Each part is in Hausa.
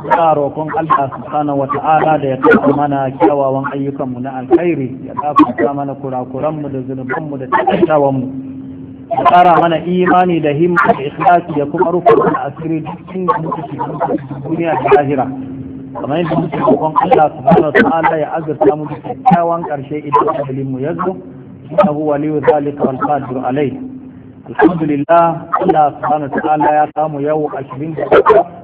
ya roƙon Allah subhanahu wa da ya kafa mana kyawawan ayyukanmu na alkhairi ya dafa mana kurakuranmu da zunubanmu da tattawanmu ya tsara mana imani da himma da ikhlasi ya kuma rufe mana asiri dukkan da cikin duniya da lahira kamar yadda muke roƙon Allah subhanahu wa ya azurta mu da kyakkyawan ƙarshe idan ajalin mu ya zo innahu waliyu zalika wal qadiru alayh alhamdulillah Allah subhanahu wa ta'ala ya samu yau 20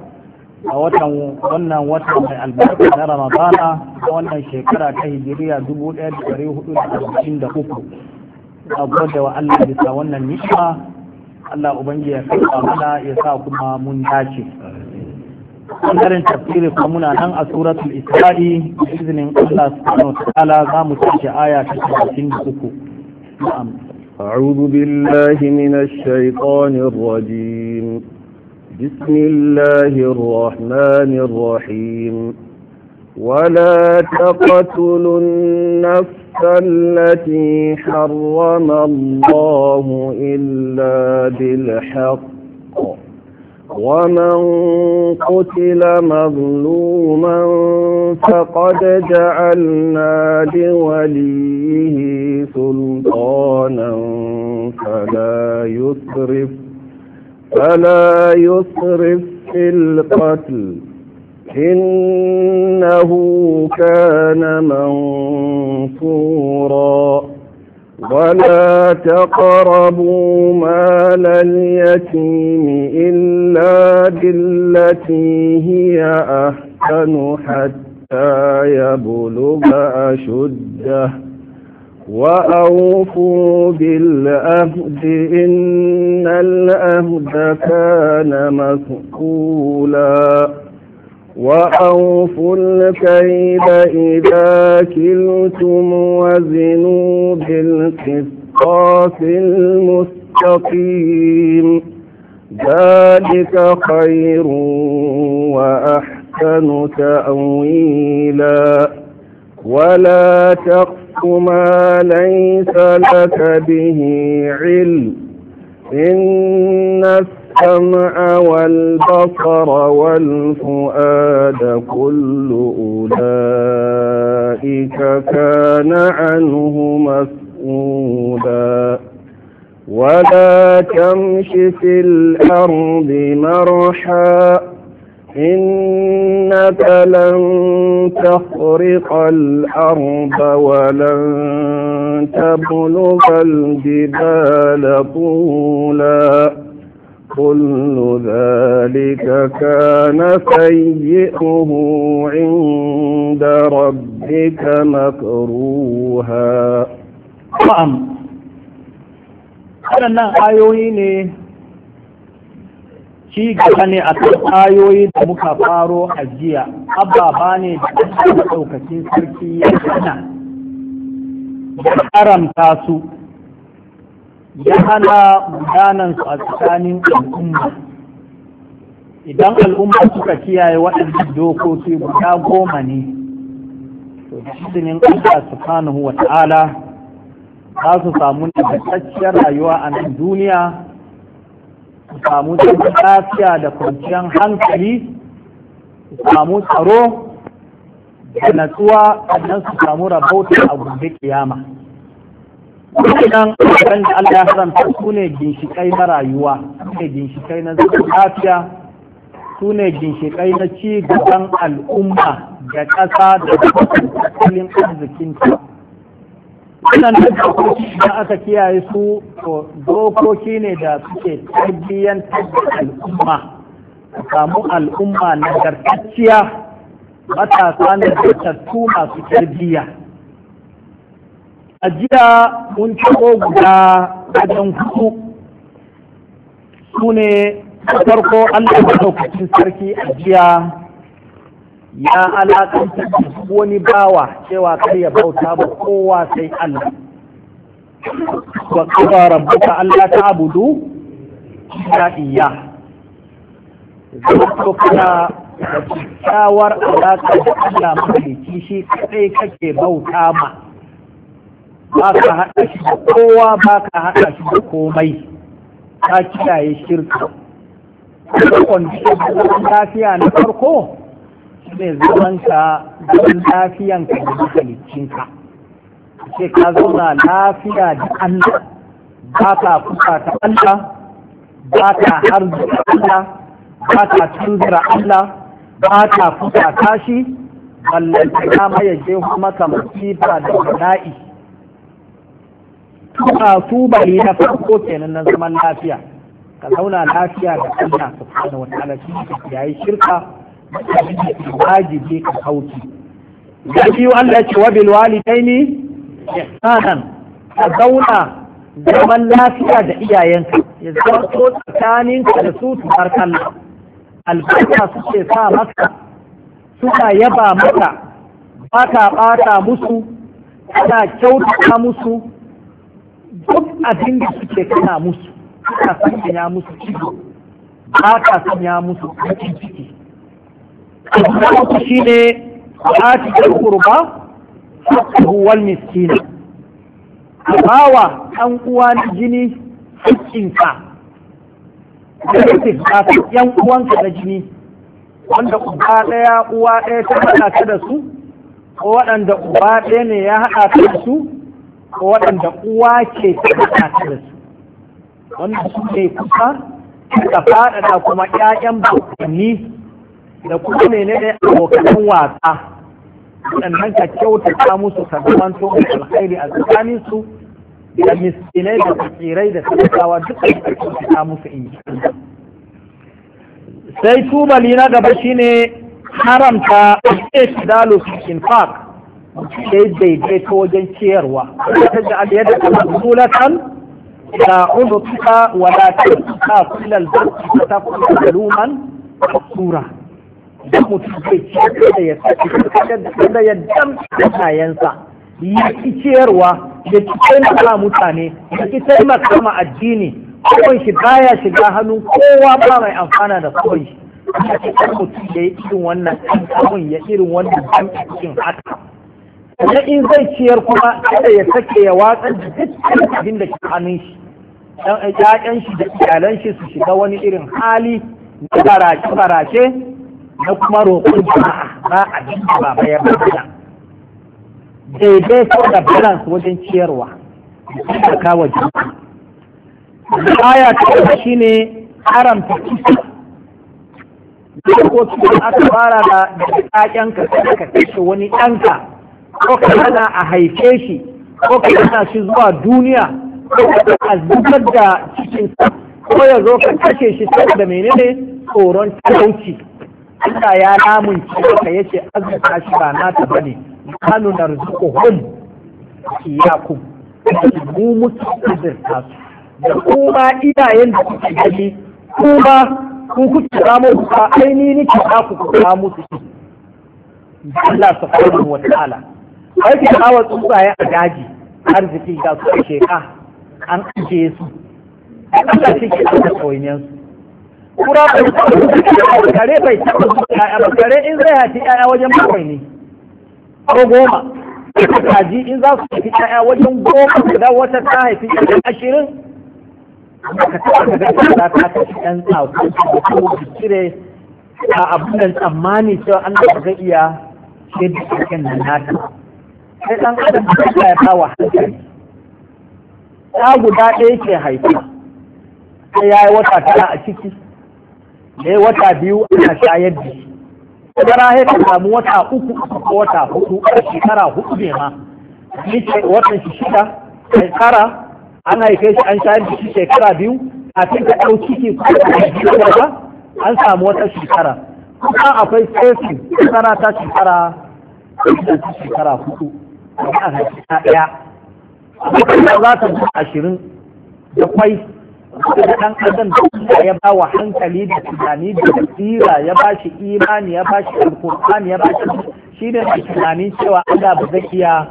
a watan wannan wata mai albarka na ramadana a wannan shekara ta hijiriya 1443 a gode wa Allah bisa wannan nisha Allah ubangi ya karɓa mana ya sa kuma mun dace ɓangaren tafsiri kuma muna nan a suratul isra'i da izinin Allah subhanahu wa ta'ala za mu tashi aya ta 33 na'am أعوذ بالله من الشيطان الرجيم بسم الله الرحمن الرحيم ولا تقتلوا النفس التي حرم الله إلا بالحق ومن قتل مظلوما فقد جعلنا لوليه سلطانا فلا يسرف فلا يسرف في القتل إنه كان منصورا ولا تقربوا مال اليتيم إلا بالتي هي أحسن حتى يبلغ أشده وأوفوا بالأهد إن الأهد كان مسكولا وأوفوا الكيد إذا كلتم وزنوا بالقصاص المستقيم ذلك خير وأحسن تأويلاً ولا تقف ما ليس لك به علم إن السمع والبصر والفؤاد كل أولئك كان عنه مسؤولا ولا تمش في الأرض مرحا إنك لن تخرق الأرض ولن تبلغ الجبال طولا كل ذلك كان سيئه عند ربك مكروها نعم أنا ayoyi ci gaba ne a kan ayoyi da muka faro a jiya ababa ne da ake ɗaukacin sarki ya hana ya karanta su ya hana su a tsakanin al'umma idan al'umma suka kiyaye waɗannan dokoki guda goma ne to da izinin Allah subhanahu wa ta'ala za su samu nagartacciyar rayuwa a nan duniya samu cikin lafiya da kwanciyar hankali su samu tsaro da natsuwa sannan su samu rabauta a gobe kiyama wannan abin da Allah ya haramta su ne ginshikai na rayuwa su ne ginshiƙai na zaman lafiya su ne ginshikai na ci gaban al'umma da ƙasa da tattalin ta. wannan dokoki da aka kiyaye su dokoki ne da suke tarbiyyantar da al'umma a samu al'umma nagartacciya matasa na nagartattu masu tarbiyya a jiya mun ciko guda wajen hudu su ne farko allah maɗaukacin sarki a jiya ya alakanta wani bawa cewa kar ya bauta ba kowa sai Allah wa rabuka Allah ta abudu illa iya. zato kana da kyakkyawar alaƙa da Allah mahalicci shi kaɗai kake bauta ma ba ka haɗa shi da kowa ba ka haɗa shi da komai ka kiyaye shirka. Kwanci da lafiya na farko ne zamanka don lafiyanka da halittinka ce ka zauna lafiya da Allah ba ka kusa ta Allah ba ka harzuka Allah ba ka tunzura Allah ba ka kusa tashi ballanta ya maye je maka masifa da bala'i tuka su bari na farko kenan na zaman lafiya ka zauna lafiya da Allah subhanahu wa ta'ala shi yayi shirka wajibi ka hauki. da biyu Allah ce wa bil walidaini ihsanan ka zauna zaman lafiya da iyayenka ya zama so tsakaninka da su tumar kallon albarka suke sa maka suna yaba maka ba ka ɓata musu kana kyautata musu duk abin da suke kana musu ka sanya musu ciki? ba ka sanya musu cikin ciki abu shi ne ati da kurba huwal miskina bawa ɗan uwa na jini hakkinka da yan uwanka da jini wanda uba ɗaya uwa ɗaya ta haɗa ka da su ko waɗanda uba ɗaya ne ya haɗa ta da su ko waɗanda uwa ke ta haɗa ka da su wanda su ne kusa ka faɗaɗa kuma ƴaƴan bakanni da kuma menene abokan wasa sannan ka kyautata musu ka zamanto mai alkhairi a tsakanin su da miskinai da tsirrai da sadakawa duka ka kyautata musu in sai tubali na gaba shine haramta dalo cikin Park, sai daidaito wajen ciyarwa ta da aliyada ta mazulatan da uzuka wala ta kullal bakki ta kullal luman tsura idan mutum zai ciyar da ya da ya damta ya ki ciyarwa ya ki taimaka mutane ya ki taimaka ma addini kawai shi baya shiga hannun kowa ba mai amfana da kawai shi a cikin mutum ya yi irin wannan ɗan ya irin wannan damta cikin haka na in zai ciyar kuma kada ya sake ya watsar da dukkan abin da ke hannun shi dan eh, ƴaƴan shi da iyalan shi su shiga wani irin hali na barake barake na kuma roƙon jama'a ba abin da ba bayan bada daidaito da balance wajen ciyarwa da kawo jama'a aya ta shi ne haramta kisa ko da aka fara da ɗaƙen ka sai ka kashe wani ɗanka ko ka hana a haife shi ko ka hana shi zuwa duniya ko ka zubar da cikinsa ko ya zo ka kashe shi saboda menene tsoron talauci Allah ya lamun ka yace azaka shi ba na ta bane kanu Ya iyakum mu muke azurta su da kuma iyayen da kuke gani kuma ku kuke ramo ku ka aini ni ni za ku kula musu shi Allah subhanahu wataala ai ki hawa tsuntsaye a daji arziki ga su sheka an ajiye su Allah shi ke da koyinyan su kura bai kare bai taɓa ƴaƴa ba kare in zai haifi ƴaƴa wajen bakwai ne ko goma kaji in za su haifi ƴaƴa wajen goma guda wata ta haifi ƴaƴa ashirin ka taɓa ga za ta haifi ƴan tsako da kuma cire a abin tsammani cewa an da ga iya yadda cikin nan nata sai ɗan adam da ya bawa hankali ta guda ɗaya ke haifa sai ya yi wata tara a ciki da ya wata biyu ana shayar da shi kuma ya samu wata uku ko wata hudu a shekara hudu ne ma nice watan shi shida shekara ana haife shi an shayar da shi shekara biyu cikin ka ɗau ciki ko ta an samu wata shekara kuma akwai sefi shekara ta shekara ta shekara hudu a haifi ta ɗaya a za ta ashirin da kwai Kuma ɗan adam da ya ba wa hankali da tunani da tsira ya ba shi imani ya ba shi alkur'ani ya ba shi shi ne a tunanin cewa Allah ba zai iya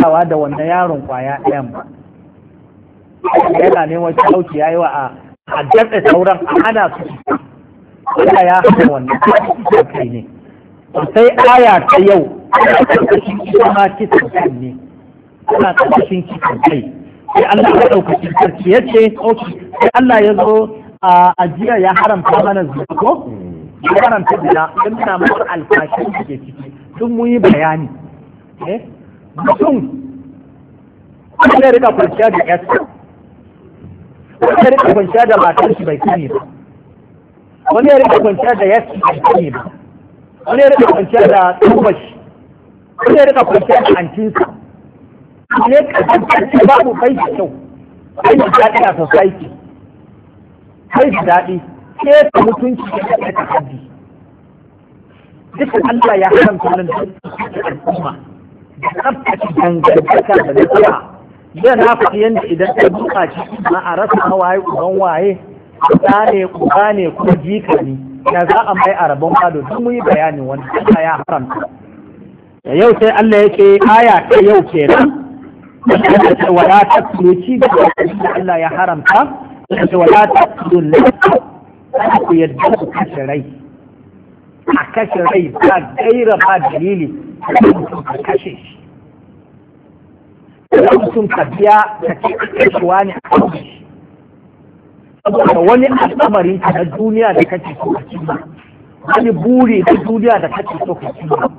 kawa da wannan yaron kwaya ɗayan ba yana neman talauci ya yi wa a da sauran a ana su Allah ya hana wannan kai ne sai aya ta yau ana ƙarƙashin kisa kai ne ana ƙarƙashin kisan kai sai Allah ya ɗauka sarki ya ce sai Allah ya zo a ajiya ya haramta mana zuwa ko ya haramta bila don na mana alfashin da ke ciki duk mun yi bayani eh? mutum wani ya rika kwanciya da yasta wani ya rika kwanciya da matar shi bai sani ba wani ya rika kwanciya da yasta bai sani ba wani ya rika kwanciya da tubashi wani ya rika kwanciya da antinsa ne kasance babu kai da kyau ai ya ta society kai da daɗi ke ta mutunci da kai ta haddi dukkan Allah ya haramta nan da al'umma da tsaftace dangantaka da nasara na faɗi yadda idan ta duka shi ma a rasa hawaye uban waye ɗa ne uba ne kuma jika ne ya za a mai a rabon gado duk mu yi bayanin wanda Allah ya haramta yau sai Allah yake aya ta yau kenan wala ta da Allah ya haramta suka ce wala ta kudu lafiya ana ku yadda ku kashe rai a kashe rai ba gaira ba dalili a mutum ka kashe shi da mutum ka biya ka ce kashewa ne a kashe shi saboda wani al'amarin al'amari na duniya da kake so ka cimma wani buri na duniya da kake so ka cimma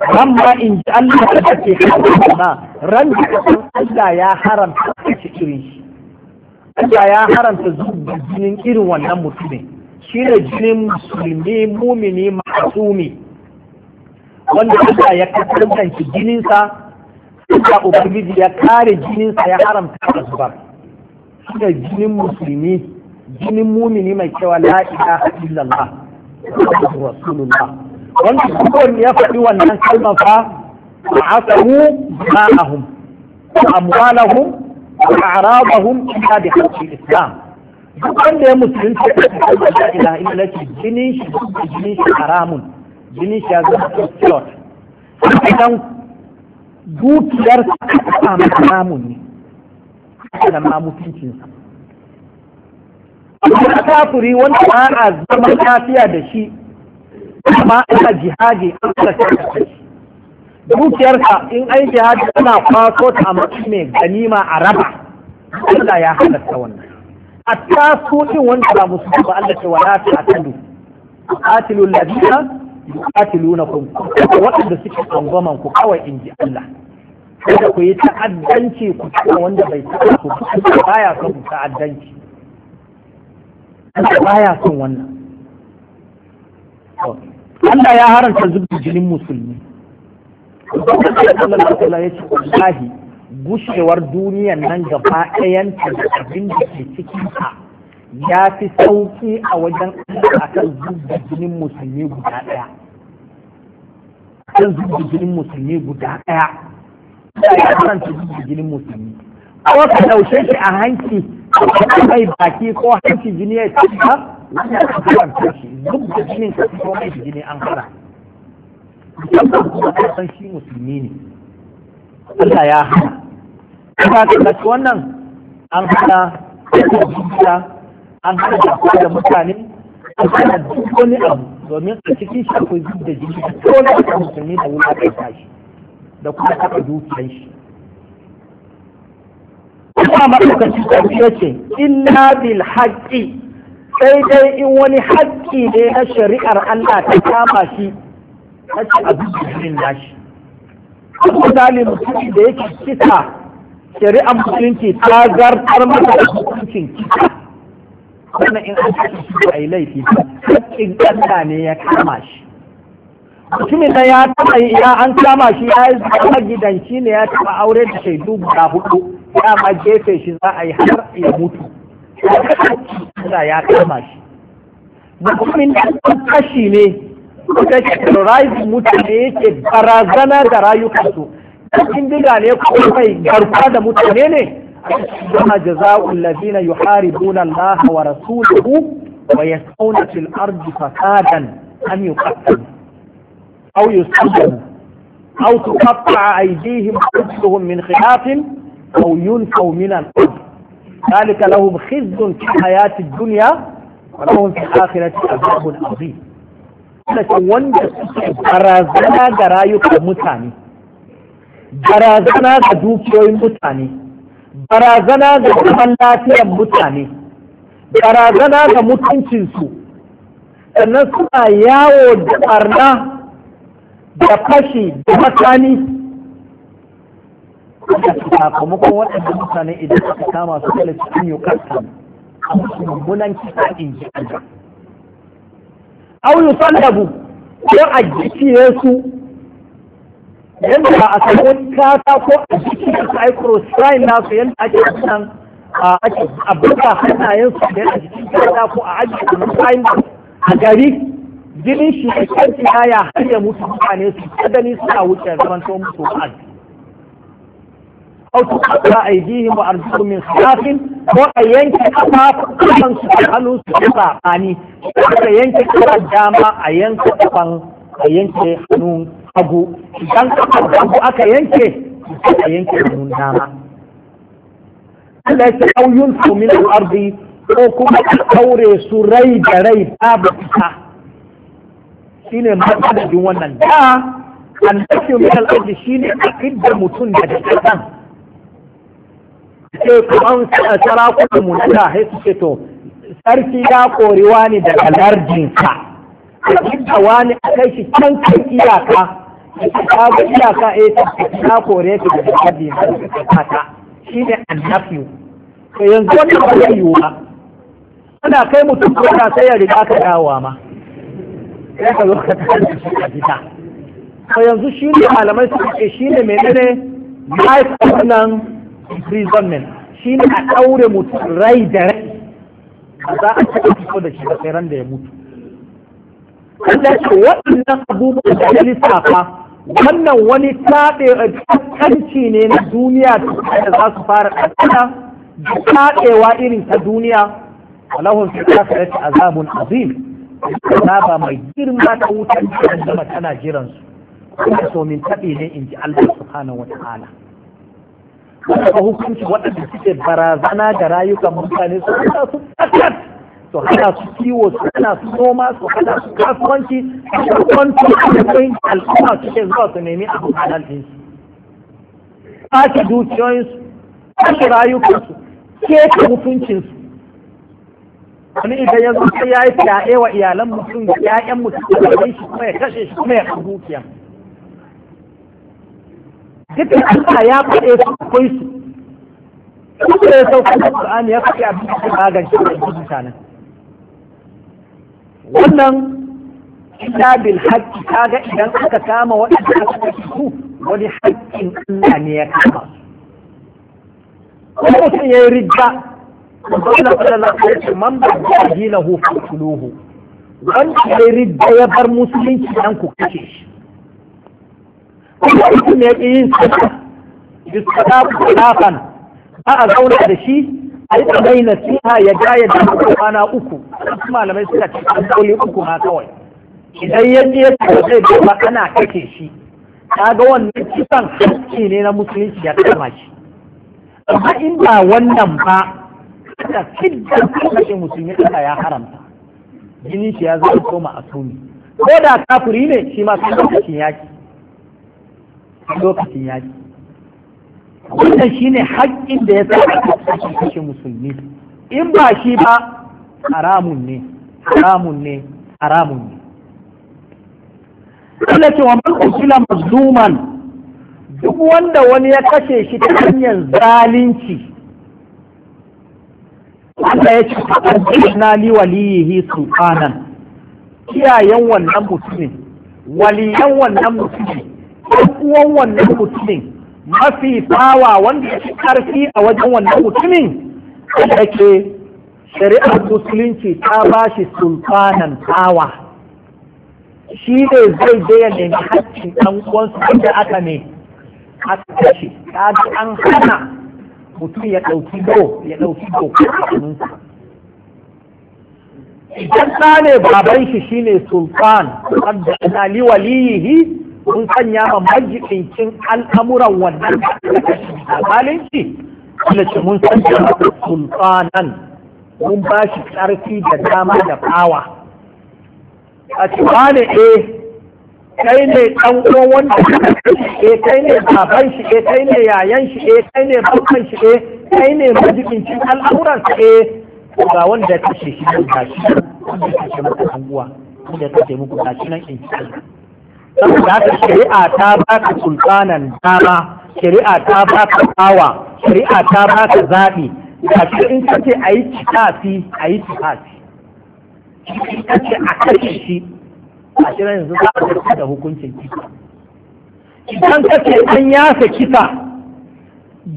ran ma in ji Allah da kake kashe ba ran da Allah ya haramta kashe irin shi Allah ya haramta zuba jinin irin wannan mutumin shi ne jinin musulmi mumini masumi. wanda Allah ya kasance jininsa da ubangiji ya kare jininsa ya haramta da zubar shi ne jinin musulmi jinin mumini mai cewa la ilaha illallah rasulullah wanda kowanne ya faɗi wannan kalmar fa ma'asahu ma'ahum amwalahum a'radahum illa bi haqqi islam duk wanda ya musulunta da ilaha illa shi jinin shi jinin shi haramun jinin shi ya zama slot idan dukiyar ta haramun ne da ma mutuncinsa kuma kafiri wanda ba a zaman lafiya da shi amma ana jihadi an kasa shi dukiyarka in an jihadi ana kwaso ta a mai ganima a raba Allah ya halatta wannan a tasirin wanda ba musu ba Allah ce wa lati a tadu qatilu alladhina yuqatilunakum waɗanda suke tsangwaman ku kawai in ji Allah kada ku yi ta'addanci ku tsaya wanda bai tsaya ku baya son ta'addanci baya son wannan Allah ya haranta zubin jinin musulmi Allah ya ce wallahi gushewar duniyan nan gaba ɗayan ta da abin da ke cikin ta ya fi sauki a wajen a kan zubda jinin musulmi guda ɗaya Ya zubda jinin musulmi guda ɗaya ya karanta zubda jinin musulmi a wata ɗaushe shi a hanci mai baki ko hanci jini ya ci ba wannan an karanta shi zubda jinin ka fi mai jini an karanta musamman kuma ka san shi musulmi ne Allah ya hana kuma ka wannan an hana da an hana da da mutane an hana duk wani abu domin a cikin shi akwai zuwa da jini dole a kan musulmi da wulaƙanta shi da kuma taɓa dukiyar shi kuma maɗaukacin ƙarfi ya ce illa bil haƙƙi sai dai in wani haƙƙi ne na shari'ar Allah ta kama shi kace a bijirin nashi misali mutum da yake kisa shari'ar musulunci ta zartar masa da hukuncin kisa wannan in an kashe shi ba a yi laifi hakkin ƙasa ne ya kama shi mutumin da ya taba ya an kama shi ya yi zama gidanci ne ya taba aure da shaidu guda hudu ya ma gefe shi za a yi har ya mutu ya kama shi mutumin da an kashi ne da ke terrorize mutane yake barazana da rayukansu cikin diga ne ko mai garkuwa da mutane ne jama jaza'ul ladina yuharibuna Allah wa rasulahu wa yasawna fil ardi fasadan an yuqattalu aw yusallamu aw tuqatta'a aydihim wa min khilafin aw yunfaw min al-ard ذلك لهم خزي في الحياة الدنيا ولهم في الآخرة عذاب عظيم tsallake wanda barazana ga rayukan mutane barazana ga dukiyoyin mutane barazana ga zaman lafiyar mutane barazana ga mutuncinsu sannan suna yawo da barna da fashi da makani sakamakon waɗanda mutane idan suka kama su kala cikin yukatan a mummunan kisa in ji Allah au yusallabu ko a jikiye su yadda a samu kata ko a jikiye su ai cross-train nasu yadda ake nan ake abuka hannayen su da yadda jikin kata ko a ajiye su cross a gari jinin shi a kyanci ya har ya mutu mutane su kadani suna wuce zaman tsohon mutu ba'ad aw tuqatta aydihim wa arjuluhum min khilaf ko a yanke kafafan su hannu su tsakani a yanke kafan dama a yanke kafan a yanke hannun hagu idan kafan aka yanke a yanke hannun dama Allah ya ce aw yunfu ko kuma a su rai da rai babu fita shine matsalolin wannan da an dace min al-ardi shine a fidda mutum daga kasan ce ku an sarakunan mu na sai su ce to sarki ya kori wani daga lardinsa a wani a kai shi can kan iyaka ta ga iyaka eh ta kore su daga lardinsa ta shi ne annafiyu to yanzu wani ba zai yiwu ba ana kai mutum kona sai ya riga ka dawowa ma sai ka zo ka tashi a gida to yanzu shi ne malamai suka ce shi ne mai menene life nan imprisonment shi ne a ɗaure mutum rai da rai A za a taɓa fito da shi ba sai da ya mutu Allah ce waɗannan abubuwan da ya lissafa wannan wani taɗe kanci eh, ne na duniya da za su fara ɗaɗɗana da taɗewa irin ta duniya walahun fi kafirat azabun azim ba mai girma ta wutar jihar tana jiransu kuma so min taɓe ne in ji Allah subhanahu wa ta'ala daga hukunci waɗanda suke barazana ga rayukan mutane su hana su tsakiyar su hana su kiwo su hana su noma su hana su kasuwanci su kwanci da al'umma suke zuwa su nemi abu halal ɗin su ɓace dukiyoyinsu ɓace rayukansu keke hukuncinsu wani idan ya zo sai ya yi fyaɗe wa iyalan mutum da 'ya'yan mutum da shi kuma ya kashe shi kuma ya kan dukiya dukkan Allah ya faɗe su kai su kuma ya sauka da Qur'ani ya faɗi abin da magance da mutanen wannan illa bil haqqi kaga idan aka kama waɗanda aka kashe su wani haƙƙin Allah ne ya kama ko kuma mutum ya yi rijja Allah sallallahu alaihi wasallam man ba dinahu fa wanda ya rijja ya bar musulunci dan ku kashe shi kuma mutum ya ƙi yin sadaka bisada sadaqan a a zauna da shi a yi na nasiha ya ga ya da kwana uku wasu malamai suka ce an dole uku ma kawai idan ya je ya zai da ma ana kake shi ta ga wannan kisan hakki ne na musulunci ya kama shi amma in ba wannan ba da fidda kashe musulmi kada ya haramta jini shi ya zama koma asumi ko da kafiri ne shi ma sun yaki lokacin yaƙi wannan ne haƙƙin da ya a cikin kashe musulmi in ba shi ba haramun ne haramun ne haramun ne Allah ce wa man qutila mazluman duk wanda wani ya kashe shi ta hanyar zalunci wanda ya ci fa'adna li waliyihi sultanan kiyayen wannan mutumin waliyan wannan mutumin ɗan uwan wannan mutumin mafi tsawa wanda ya ƙarfi a wajen wannan mutumin da ke shari'ar musulunci ta ba shi sultanan tsawa shi ne zai je ya nemi haƙƙin ɗan uwansu inda aka ne a kashi. ta ga an hana mutum ya ɗauki do ya ɗauki do idan ɗa ne baban shi shine sultan wadda ana liwaliyihi kun sanya ma majikincin al'amuran wannan zalunci wanda ce mun sanya ma sultanan mun ba shi ƙarfi da dama da fawa a ce ne eh kai ne ɗan uwan wanda eh kai ne baban shi eh kai ne yayan shi eh kai ne bakan shi eh kai ne majikincin al'amuran shi. eh ga wanda ya kashe shi ne ba shi wanda ya kashe muku anguwa wanda ya kashe muku ga shi nan in ci saboda haka shari'a ta baka sultanan dama shari'a ta baka tsawa shari'a ta baka zaɓi ga ce in ka ce a yi kitafi a yi kitafi ka ce a kashe shi a shirin yanzu za a kashe da hukuncin kisa idan ka ce an yasa kisa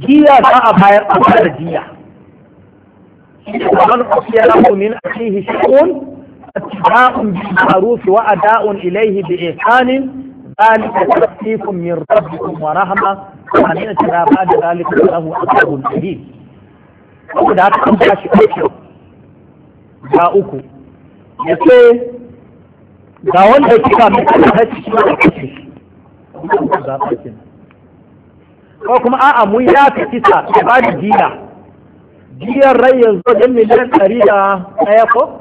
jiya za a bayar a bada jiya. Wani kwafiya na a cikin shekun da'un bil ma'ruf wa ada'un ilayhi bi ihsanin ذلك تخفيف من ربكم ورحمة ba da zalika ذلك له عذاب أليم da haka an tashi uku ga uku ya ce ga wanda kika mai kasa ciki da kin. ko kuma a'a mun ya ka kisa rai yanzu wajen miliyan ɗari da ɗaya ko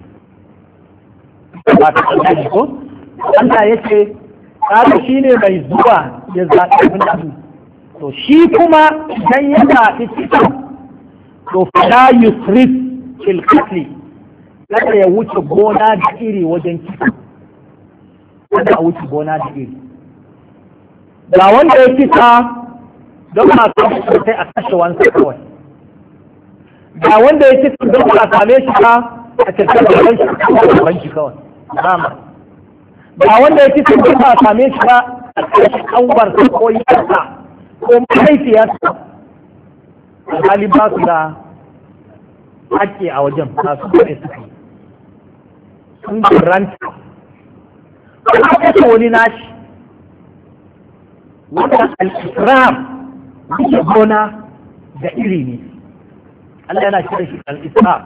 ba ta ɗan ko Allah ya ce kaga shi ne mai zuwa ya zaɓi wani to shi kuma idan ya zaɓi cikin to fala yusrif fil qatl kada ya wuce gona da iri wajen kisa kada a wuce gona da iri ga wanda ya kisa don ba a sai a kashe wansa kawai ga wanda ya kisa don ba a same shi ba a cikin gaban shi kawai dama ba wanda yake sun ba same shi ba a cikin kanwar ko yarsa ko mahaifiyarsa alhali ba su da haƙƙi a wajen ba su da suke sun ranta kuma kashe wani nashi wanda al-islam yake gona da iri ne Allah yana shirin shi al-islam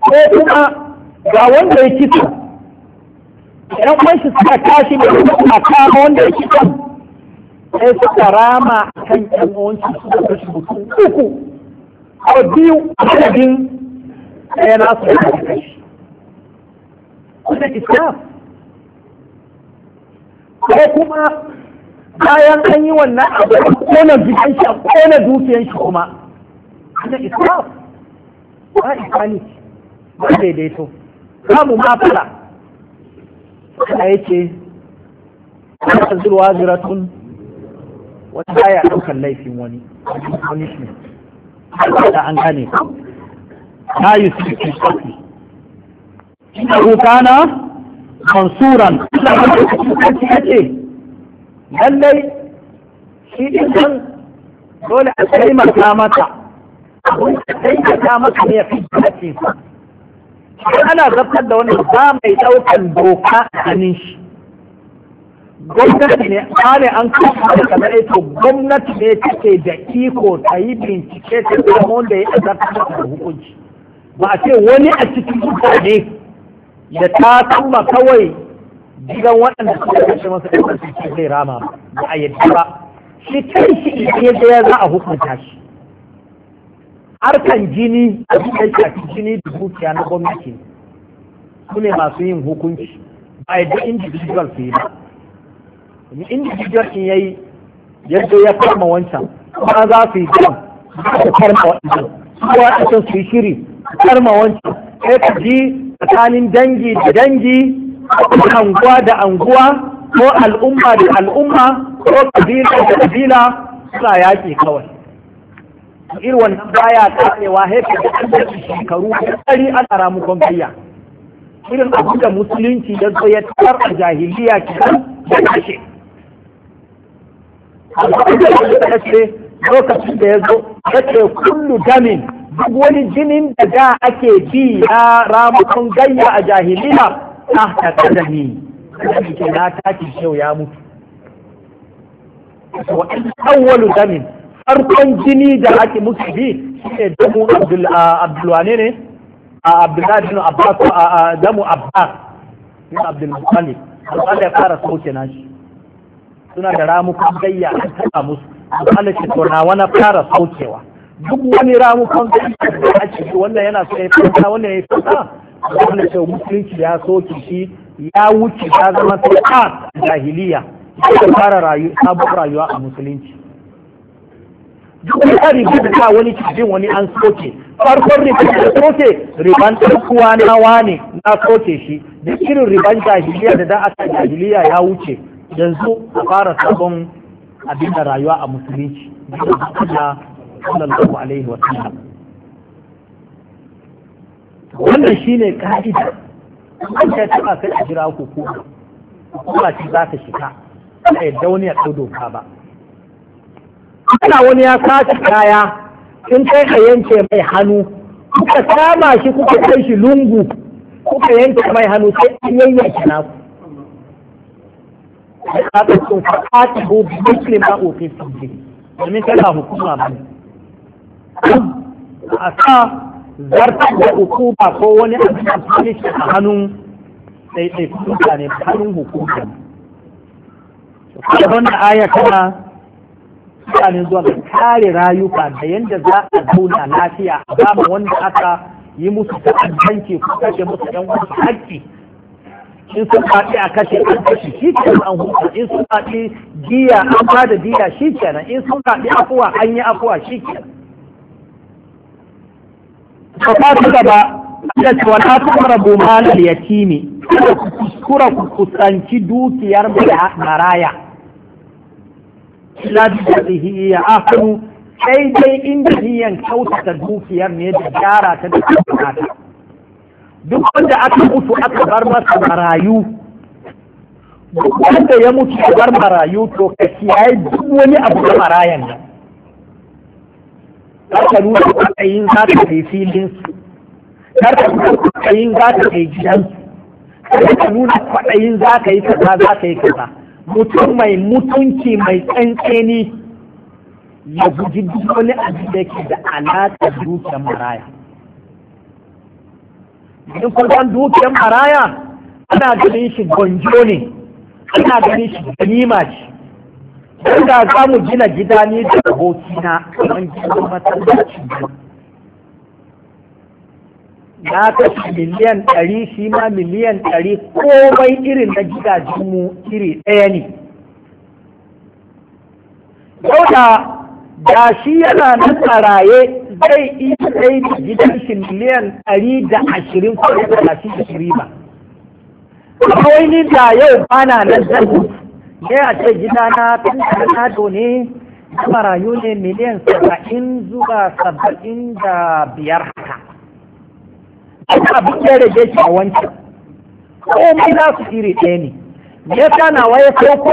ko kuma ga wanda ya kisa Yan kwanci suka tashi da a kama wanda ya ci kan sai suka rama a kan ƴan uwansu suka kashi mutum uku a biyu a adadin ɗaya nasu ya kashi wannan islam ko kuma bayan an yi wannan abu a kona jikin shi a kona dukiyan shi kuma wannan islam ba isani ba daidaito mu ma fara Allah yake ta zirwa ziratun wata baya ɗaukar laifin wani punishment da an gane yi su cikin kwafi ina rukana mansuran ya ce lallai shi ɗin kan dole a taimaka mata abin da taimaka maka ne ya fi sai ana zartar da wani ba mai ɗaukan doka a hannun shi gwamnati ne ne an kawo da kamar eh to gwamnati ne take da iko ta yi bincike ta zama wanda ya zartar da hukunci ba a ce wani a cikin mutane da ta kama kawai gidan waɗanda suka kashe masa ɗaukar zai rama ba a yadda ba shi kai shi ya za a hukunta shi harkan jini a cikin shafi jini da dukiya na gwamnati su ne masu yin hukunci ba yadda individual su yi ba ni individual in yayi yadda ya kama wancan ba za su yi gan su karma wancan su waɗancan su yi shiri su karma wancan sai ka ji tsakanin dangi da dangi anguwa da anguwa ko al'umma da al'umma ko kabila da kabila suna yaƙi kawai irin wannan baya karewa haifi da ɗan shekaru ɗari an tsara mu kwamfiya irin abu da musulunci ya zo ya tar a jahiliya kiran da kashe ce lokacin da ya zo ya ce kullu damin duk wani jinin da da ake bi na ramakon gayya a jahiliya ta ta kadami kadami ke na tashi shau ya mutu wa awwalu damin farkon jini da ake musu bi shine damu abdulwane ne a abdullahi bin abbas a damu abbas ne Allah ya fara sauke na shi suna da ramukan gayya an taɓa musu Allah ce to na wani fara saukewa duk wani ramukan gayya da ake shi wannan yana so ya fata wannan ya fata Allah ce musulunci ya soke shi ya wuce ya zama sai a jahiliya ya fara rayuwa rayuwa a musulunci duk wata riba da wani cikin wani an soke farkon riba da soke riban ɗan na wani na soke shi da irin riban jahiliya da da aka jahiliya ya wuce yanzu a fara sabon abin da rayuwa a musulunci da sallallahu alaihi wa sallam wannan shine ka'ida an ta taba kai a jira ku ko ba ci za ta shiga ba yadda wani ɗau doka ba kana wani ya sace kaya in kai ka yanke mai hannu kuka kama shi kuka kai shi lungu kuka yanke mai hannu sai an yayyanke naku ka ta sun faɗa ko muslim ba ofin sabbi domin tana hukuma ba ne a sa zartar da hukuma ko wani amfani shi a hannun ɗaiɗaikun mutane hannun hukuma. Kuma wannan aya tana mutane zuwa ga kare rayuka da yadda za a zauna lafiya a mu wanda aka yi musu ta'addanci ko kashe musu yan wasu haƙƙi in sun faɗi a kashe an kashe shi kenan an huta in sun faɗi giya an ba da giya shi kenan in sun faɗi afuwa an yi afuwa shi Ba Ka su gaba da cewa na tumara malar yatimi kada ku kuskura ku kusanci dukiyar maraya. illa da jadihi ya afinu sai dai inda niyan kyautata dukiyar ne da gyara ta da kyautata duk wanda aka mutu aka bar masa marayu duk wanda ya mutu ya bar marayu to ka kiyaye duk wani abu da marayan nan karka nuna kwaɗayin za ta kai filin su karka nuna kwaɗayin za ta kai gidan su karka nuna kwaɗayin za ka yi kaza za ka yi kaza mutum mai mutunci mai tsantseni ya guji duk wani abin da ke da alaƙa dukiyar maraya in kun dukiyar maraya ana ganin shi gonjo ne ana ganin shi ganima ce don za mu gina gida ne da abokina kamar gina cikin na kashe miliyan ɗari shi ma miliyan ɗari komai irin na gidajenmu iri ɗaya ne yauda da shi yana nan tsaraye zai iya tsaye da gidan shi miliyan ɗari da ashirin ko da shi da shiri ba kawai ni da yau bana nan zan ne a ce gidana tun karna ne na marayu ne miliyan saba'in zuwa saba'in da biyar haka aka abin da rage shi a wancan komai za su iri ɗaya ne ya sana waya sai ko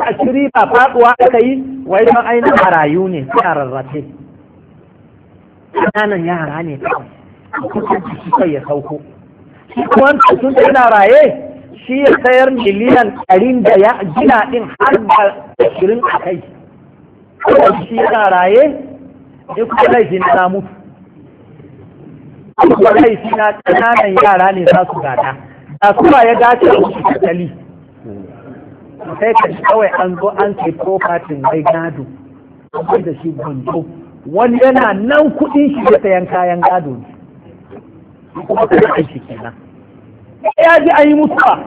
a shiri ba faɗuwa aka yi wai ma aini ainihin marayu ne a rarrafe ƙananan yara ne kawai ko kusan jiki kai ya sauko shi wanda sun ta yana raye shi ya sayar miliyan ɗarin da ya gina ɗin har da ashirin a kai kawai shi yana raye ya kuma laifin na mutu kuma na ƙananan yara ne za su gada da kuma ya dace a wasu tattali sai ka kawai an zo an sai profatin mai gado kuma da shi gwanto wani yana nan kuɗin shi da sayan kayan gado ne kuma ka da shi kenan ya ji an yi mutuwa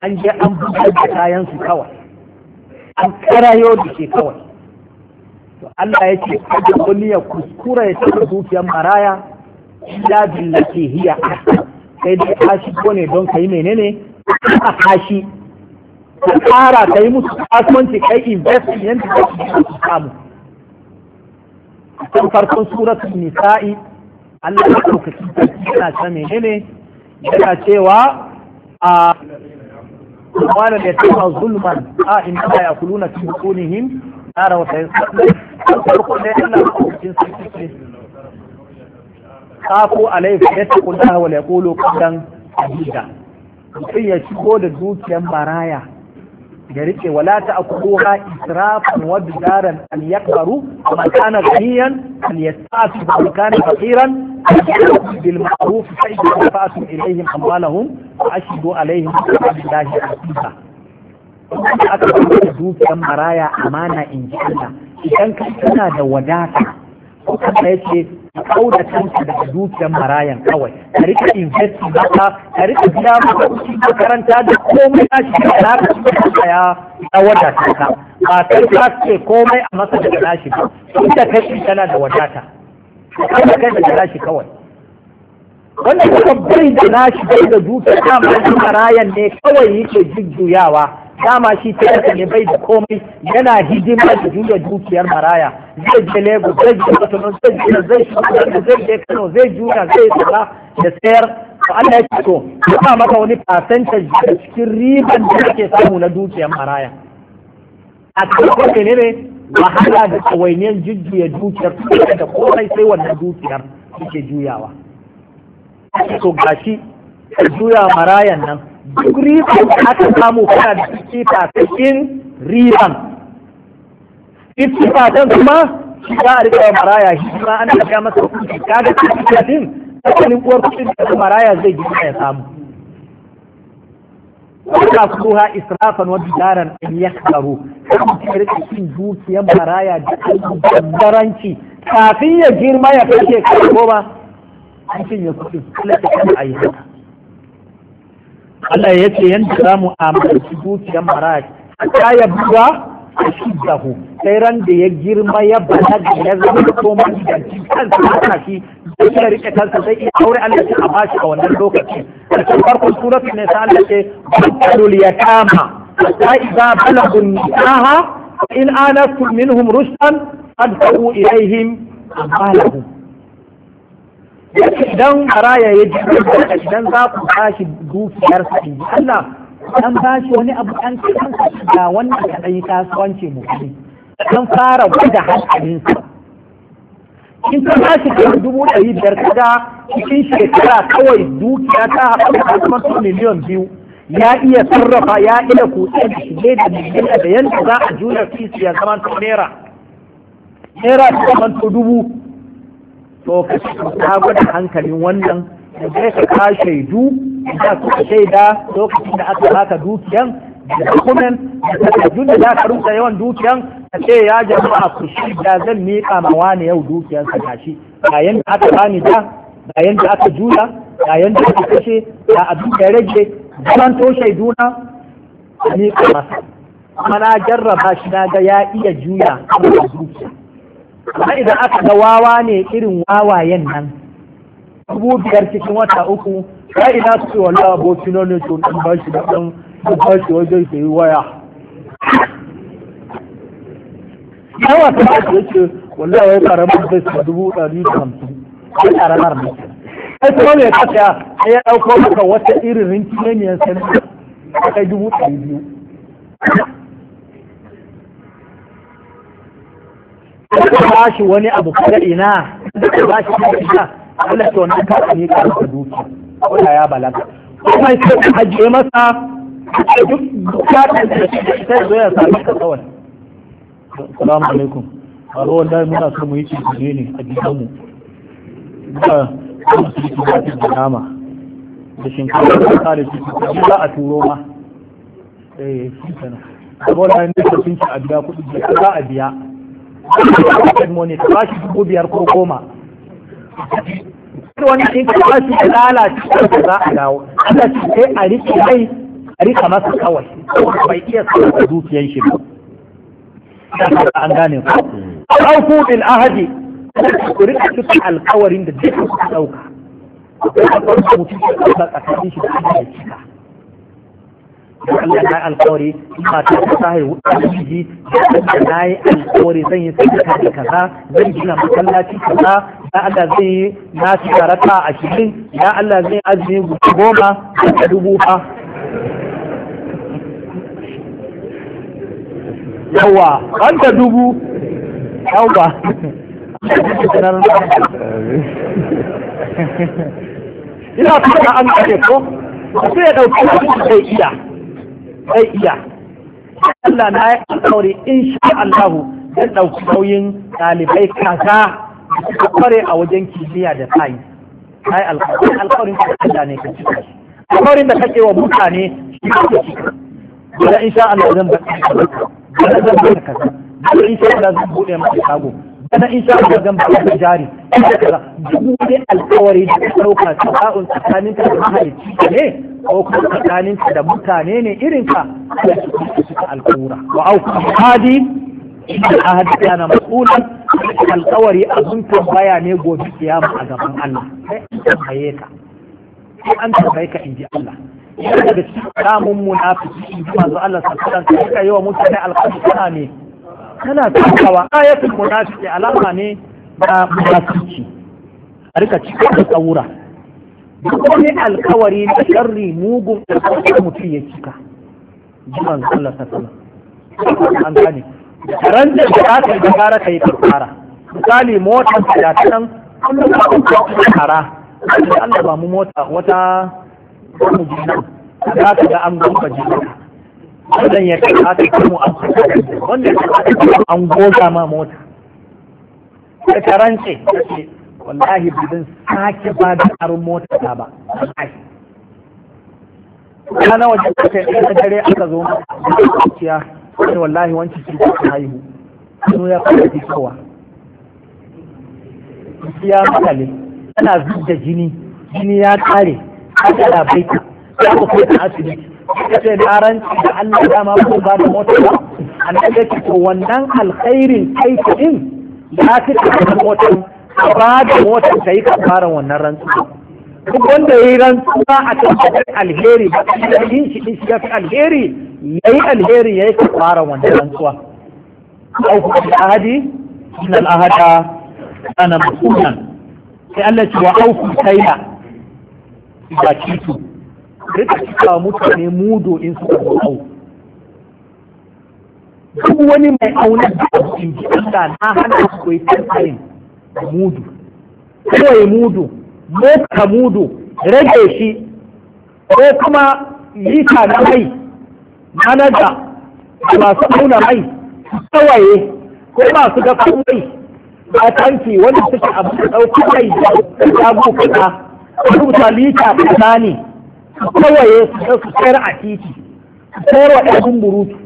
an je an buga da kayan su kawai an karayo da shi kawai Allah ya ce kada wani ya kuskura ya taɓa dukiyar maraya illa billati hiya sai dai kashi ko ne don kai menene a kashi ka tsara ka yi musu kasuwanci kai investment yadda za su samu kan farkon suratul nisa'i Allah ya ɗaukaki yana ta menene yana cewa a kuma da ya taɓa zulman a inda ya kuluna cikin hukunihim tsara wata yin kan farko ne Allah cikin sarki ce kafu alaihi yattaqullaha wa yaqulu qawlan sadida mutum ya shigo da dukiyan baraya ya rike wala ta akuruha israfan wa bidaran an yakaru ma kana ghaniyan an yastafi ma kana faqiran bil ma'ruf fa idza fa'atu ilayhim amwalahum wa ashidu alayhim billahi asiba aka kuma dukiyan baraya amana in ji Allah idan ka tana da wadata ko ka ya ce da kanka daga dukiyar marayan kawai ka rika investi maka ka rika biya maka kuɗi makaranta da komai na shi da naka suka ya na wadata ka ba kai ka ce komai a masa daga nashi ba da kai tana da wadata kada kai daga nashi kawai wanda kuma bai da nashi bai da dukiyar marayan ne kawai yake jujjuyawa dama shi talaka ne bai da komai yana hidima da juya dukiyar maraya zai je lagos zai je zai je zai shi zai je kano zai juya zai tsara da sayar to Allah ya ce to ba maka wani percentage da cikin riban da ake samu na dukiyar maraya a cikin ne ne wahala da tsawainiyar jujjuya dukiyar da komai sai wannan dukiyar suke juyawa to gashi juya marayan nan duk da aka samu kana da ta cikin riban fifty percent kuma shi za a rika maraya shi ma ana tafiya masa kuɗi kaga fifty percent tsakanin uwar kuɗin da maraya zai gina ya samu wata suha israfan wa bidaran in ya karu kan kirki dukiyar maraya da albaranci kafin ya girma ya kai shekaru goma an cinye kuɗin, kula da kan ayyuka Allah ya ce yanda za mu amince dukiyar maraya ta buga a shiddahu sai ran da ya girma ya balaga ya zama da koma gidanci kansa haka shi zai iya rike kansa zai iya aure Allah a bashi a wannan lokacin a cikin farkon suratul ne sai Allah ce bakalul yatama ta idza balagu nikaha in anastum minhum rushdan adfa'u ilaihim amalahum idan maraya ya ji idan za ku tashi dukiyarsa in ji Allah dan ba shi wani abu ɗan kansa ga wannan kaɗai kasuwanci mu kuɗi dan fara gwada hankalinsa in ka ba shi kan dubu ɗari biyar kaga cikin shekara kawai dukiya ta da kuma miliyan biyu ya iya sarrafa ya iya kutse da shige da miliyan da yanzu za a juna fisi ya zama naira naira ta zama dubu to ka gwada hankalin wannan da ka ka shaidu da suka shaida lokacin da aka baka dukiyan da dokumen da takardun da za ka rusa yawan dukiyan ka ce ya jama'a ku da zan miƙa ma wani yau dukiyan sa tashi bayan da aka bani da bayan da aka jula bayan da aka kashe da abin da ya rage zaman to shaiduna a miƙa masa kuma na jarraba shi na ga ya iya juya a dukiya amma idan aka ga wawa ne irin wawayen nan dubu biyar cikin wata uku ya ina su ce wallah abokin ne to dan bashi da dan shi wajen yi waya wata ta su yace wallahi wai karamar bai sa dubu ɗari da hamsin ai karamar ne ai kuma mai kasa sai ya ɗauko maka wata irin rinki ne mai sanin kai dubu ɗari biyu ka ba shi wani abu kada ina ka ba shi kada ina Allah to na ka ne ka rufe duki wanda ya balaga kuma sai ka haje masa duk bukatar da shi sai zo ya sami ka kawai assalamu alaikum a ruwan da muna so mu yi cikin ne a gidanmu duka kuma su yi cikin da nama da shinkafa da kare ciki da za a turo ma eh shi kenan saboda yin duka sun ci a biya kuɗi za a biya pocket money ka ba shi dubu biyar ko goma wani in ka ba shi lalace da za a dawo Allah shi sai a riƙe mai a riƙa masa kawai bai iya sarrafa dukiyan shi ba an gane ku auku bil ahadi ku riƙa cikin alkawarin da duk suka ɗauka akwai akwai mutum da ɗauka kan shi da Allah ya cika da Allah na alƙawari ba ta ta sahi wuce ji da na yi alƙawari zan yi sadaka da kaza zan gina masallaci kaza ya Allah zai yi na ci karata a shirin ya Allah zai azumi goma da dubu fa yawa an ta dubu yawa ina fata an kare ko sai ya dauki wani zai iya zai iya Allah na yi alkawari in sha Allah zan ɗauki nauyin ɗalibai kaza da kware a wajen kimiyya da sayi na yi alƙawarin alkawarin da Allah ne ka cika shi Alƙawarin da kake wa mutane shi ka cika dole in sha Allah zan baka kaza dole zan baka kaza dole in sha Allah zan buɗe maka shago bana in sha Allah zan ba ka jari duk wani alkawari da ka ɗauka sa'un tsakanin ka da mahalicci ne ko kuma tsakanin ka da mutane ne irin ka ya suka alkawura wa auku hadi ahadi yana mas'ulan alkawari abun tambaya ne gobe kiyama a gaban Allah sai an tambaye ka sai an tambaye ka inji Allah yana daga cikin kamun munafiki in ji manzo Allah sallallahu alaihi wasallam kai yawa mutane alkawari ne tana takawa ayatul munafiki alama ne na munafiki a rika cikin da tsawura duk wani alkawari na sharri mugun alkawari mutum ya cika jiman Allah ta sama an gane Karan da za ka yi gara ka yi karkara misali motar da ya tan kullum ka kuma karkara Allah ba mu mota wata mu jinan za ka ga an gumba jinan wannan ya kai ka samu an wanda an goza ma mota ta karance wallahi bidin sake ba da karin mota ta ba kana wajen kai ɗaya dare aka zo na kuciya wani wallahi wancan shi ta haihu sun ya fara kowa. kuciya makale tana zub da jini jini ya kare ka labai baita ya kuma ta asibiti suka ce na ranci da Allah dama ko ba da mota ba annabi ce ko wannan alkhairin kai ta in ya fi ta motar ka ba da motar ka yi kafaran wannan rantsuwa duk wanda ya yi rantsuwa a kan alheri ba da yin shi din shi ya fi alheri ya yi alheri ya yi fara wannan rantsuwa au ku bi ahadi min al ahada ana mutunan. sai Allah ce wa au ku kaina ba kitu sai ta cika mutane mudo in suka zo au duk wani mai auna da abu in ji Allah na hana su koyi tantarin mudu kawai mudu moka mudu rage shi ko kuma lita na mai da masu auna mai tsawaye ko masu da kawai ba tanki wanda suke abu da ɗauki mai da abu kaza rubuta lita ta ne Kawai su su sayar a titi su sayar wa ɗan burutu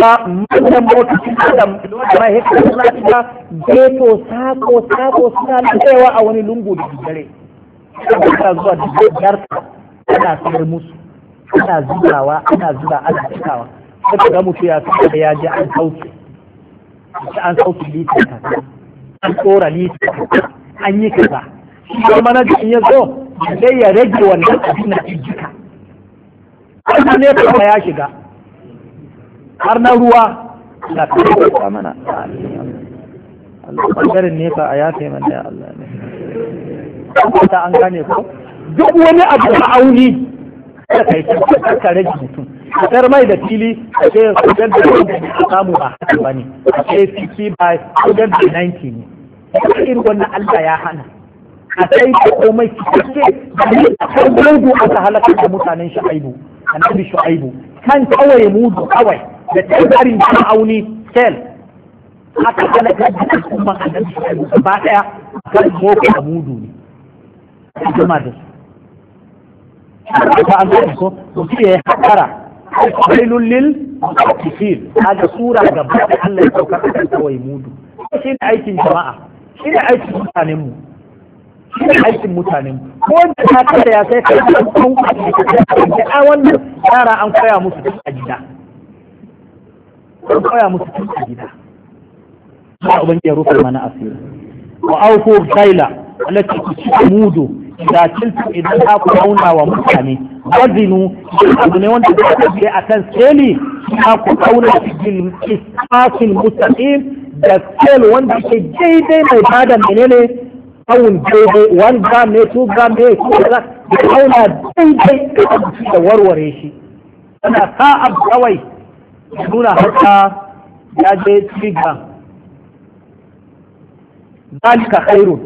ba manyan motoci da ma hekta suna shiga geto sako sako suna lantsewa a wani lungu da dare ta zuwa da biyar ana sayar musu ana zubawa ana zuba ana cikawa sai ga mutu ya da yaji je an sauke an sauke litar an tsora litar an yi kaza shi kuma manajan ya zo sai ya rage wannan abin na jijjika har ne kuma ya shiga har na ruwa na kawai mana Allah ɓangaren nefa a ya taimakon da Allah ne ta an gane ko duk wani abu na auni da kai ka rage mutum a tsar mai da fili a ce kudar da a samu ba haka ba ne a ce fiki ba kudar da 90 ne ta irin wannan Allah ya hana a kai da komai cikakke kan mudu aka halakar da mutanen shu'aibu annabi shu'aibu kan kawai mudu kawai da tabarin ma'auni kel aka halakar da al'umman annabi shu'aibu gaba daya kan moko da mudu ne jama'a da su ta an gani ko mutum ya yi hakara kailun lil kafir kaga sura gaba da Allah ya saukar da kawai mudu shi ne aikin jama'a shi ne aikin mutanenmu aikin mutane, ko da ta kada ya sai kai ka kun da a wannan yara an koya musu tun a gida an koya musu tun a gida ba uban ya rufe mana asiri wa auku gaila allati tusiku mudu da kiltu idan aku auna wa mutane wazinu abu ne wanda da take a kan seli ku auna cikin istasil mutane da sel wanda ke daidai mai bada menene tsawon daidai wani game ne two gram ko kaza da auna daidai da warware shi tana sa'a kawai nuna haka ya je three hairun zalika khairun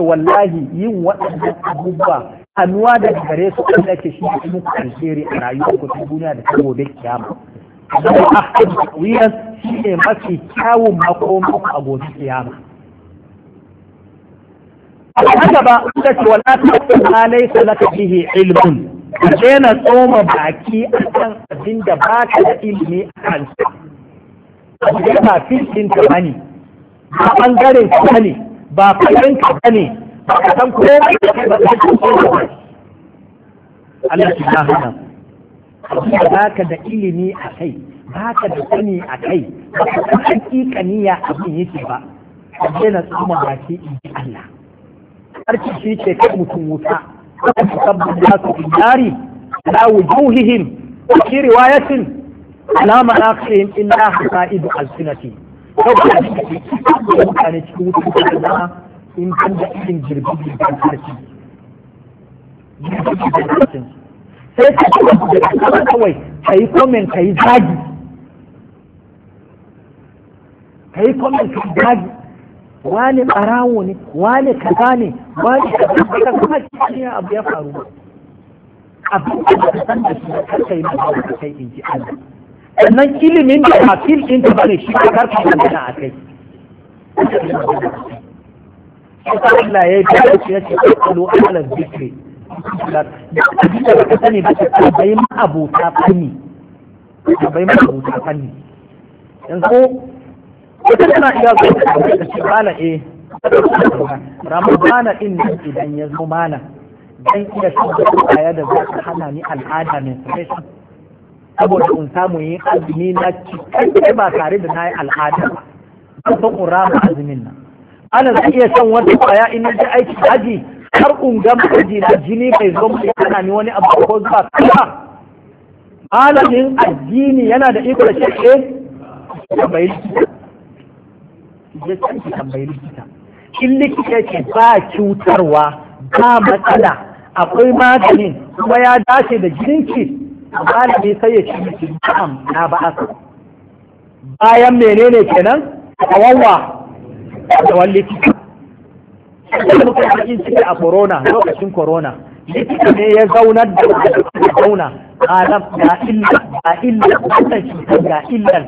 wallahi yin waɗannan abubuwa hannuwa da gare su kan yake shi ne muku alheri a rayuwar ku duniya da ta gobe kiyama zai ahadu tawiyan shi ne mafi kyawun makon a gobe kiyama haka ba suka ce wala taqul ma laysa laka bihi ilmun daina tsoma baki a kan abin da ba ka da ilimi a kansa abu da ba fiskin ka bane ba bangaren ka bane ba fayin ka bane ba ka san komai da kai ba ka san komai Allah shi ba hana ba ka da ilimi a kai ba ka da sani a kai ba ka san hakikaniya abin yake ba ka daina tsoma baki in ji Allah arci shi ke kai mutum wuta kan sabbin da su nari ala wujuhihim fi riwayatin ala manaqihim illa hasaidu alsinati saboda da mutane cikin wuta da in kan da irin jirgin da arci sai ka ci da kawai ka yi komen ka yi zagi ka yi komen ka yi zagi wani barawo ne wani kaza ne wani kaza kuma cikin abu ya faru abin da ka san da shi kar yi magana da kai in ji Allah sannan ilimin da ba fil din ta bane shi ka kar kai magana a kai Allah ya yi shi ya ce kalu ala zikri da abin da ka sani da ta bai ma abota fanni bai ma abota fanni yanzu ita tana iya zuwa da shi bala eh ramadana din nan idan ya zo mana Zan iya shiga kaya da za ka hana ni al'ada mai sai saboda in samu yin azumi na cikakke ba tare da na yi al'ada ba zan san in rama azumin nan ana zan iya shan wata kwaya in ji aiki haji har in ga maji na jini bai zo mai hana ni wani abu ko zuwa kala malamin addini yana da iko da shi eh bai ya can ki tambayi likita in likita ce ba cutarwa ba matsala akwai maganin kuma ya dace da jininki malami sai ya ci miki na'am na ba aka bayan menene kenan wawa da wani likita da muka cikin ciki a corona lokacin corona likita ne ya zauna da zauna a ga illa ga illa wannan cutar ga illar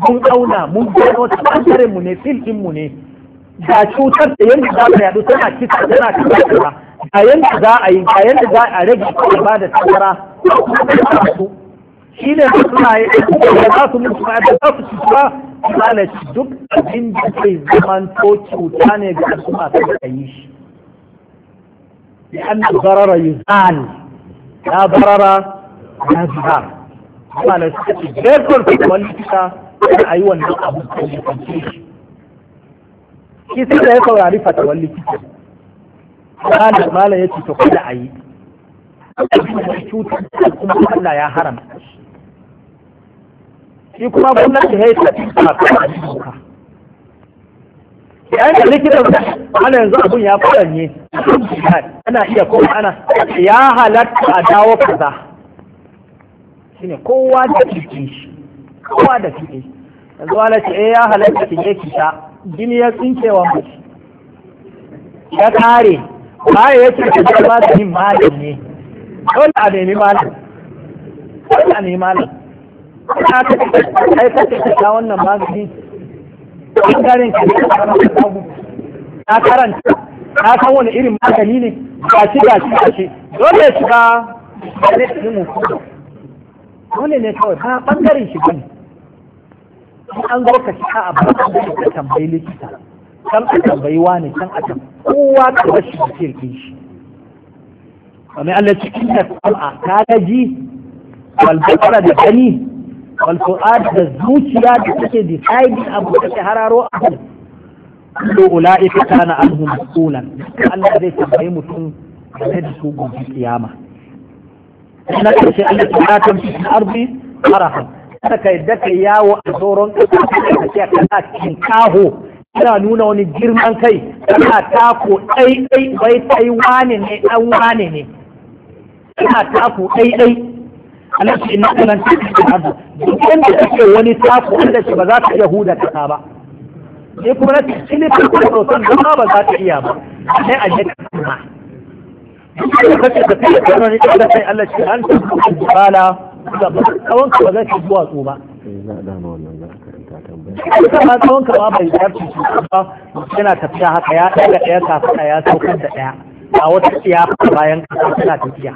mun auna mun gano ta ɓangaren mu ne fil mu ne da cutar da yanda za ta yadu tana kisa tana kisa Da ga yanda za a yi ga yanda za a rage ta ba da tsara shi ne suna yi da za su mutu da za su cuta lalace duk abin da zai zaman to cuta ne ga al'umma ta da yi shi bi an zarara yuzal la barara, la zihar kuma da suka ce therefore wani likita kada a yi wannan abu ko ya kwanci shi shi sai da ya saurari fatawar likita kana mala ya ce to kada a yi cutar kuma Allah ya haramta shi shi kuma gwamnati ya yi tafi a kan doka yayin da likitan ana yanzu abun ya fadanye ana iya ko ana ya halatta a dawo kaza shine kowa da cikin shi kowa da fiye yanzu wala ce eh ya halatta ki je ki sha jini ya tsinkewa mace ya kare Ba ya ce ka je ba da yin malam ne dole a nemi malam dole a nemi malam ka ka kai ka ka sha wannan magani bangaren ka ka karanta ka san wani irin magani ne ga shi ga shi ga shi dole ya shiga dole ne kawai Ta bangaren shi bane in an zo ka shiga a bakin da ka tambayi likita kan a tambayi wani kan a tambayi kowa ka bashi da kirkin shi kamar Allah ya ce inna sam'a ta gaji wal basara da gani wal fu'ad da zuciya da take da deciding abu da ta hararo abu kullu ula'ika kana anhu mas'ulan Allah zai tambayi mutum game da su gobe kiyama na karshe Allah ya ta tambayi arzi arahan kada ka yadda yawo a tsoron ƙasa ka ce kana kinkaho kana nuna wani girman kai kana tako ɗai ɗai bai tai wane ne ɗan wane ne kana tako ɗai ɗai alaƙi ina kanan tafi da duk kake wani tako ba za ka iya huda ba sai kuma na cikin ta kuma ba za ta iya ba sai a je da kai da kai Allah shi an tsawon ka ba zai zuwa duwatsu ba kuma eh, tsawon ka ba bai zarci su ba yana tafiya haka ya ɗaga ɗaya kafa ya saukar da ɗaya a wata tsiya bayan kasa tana tafiya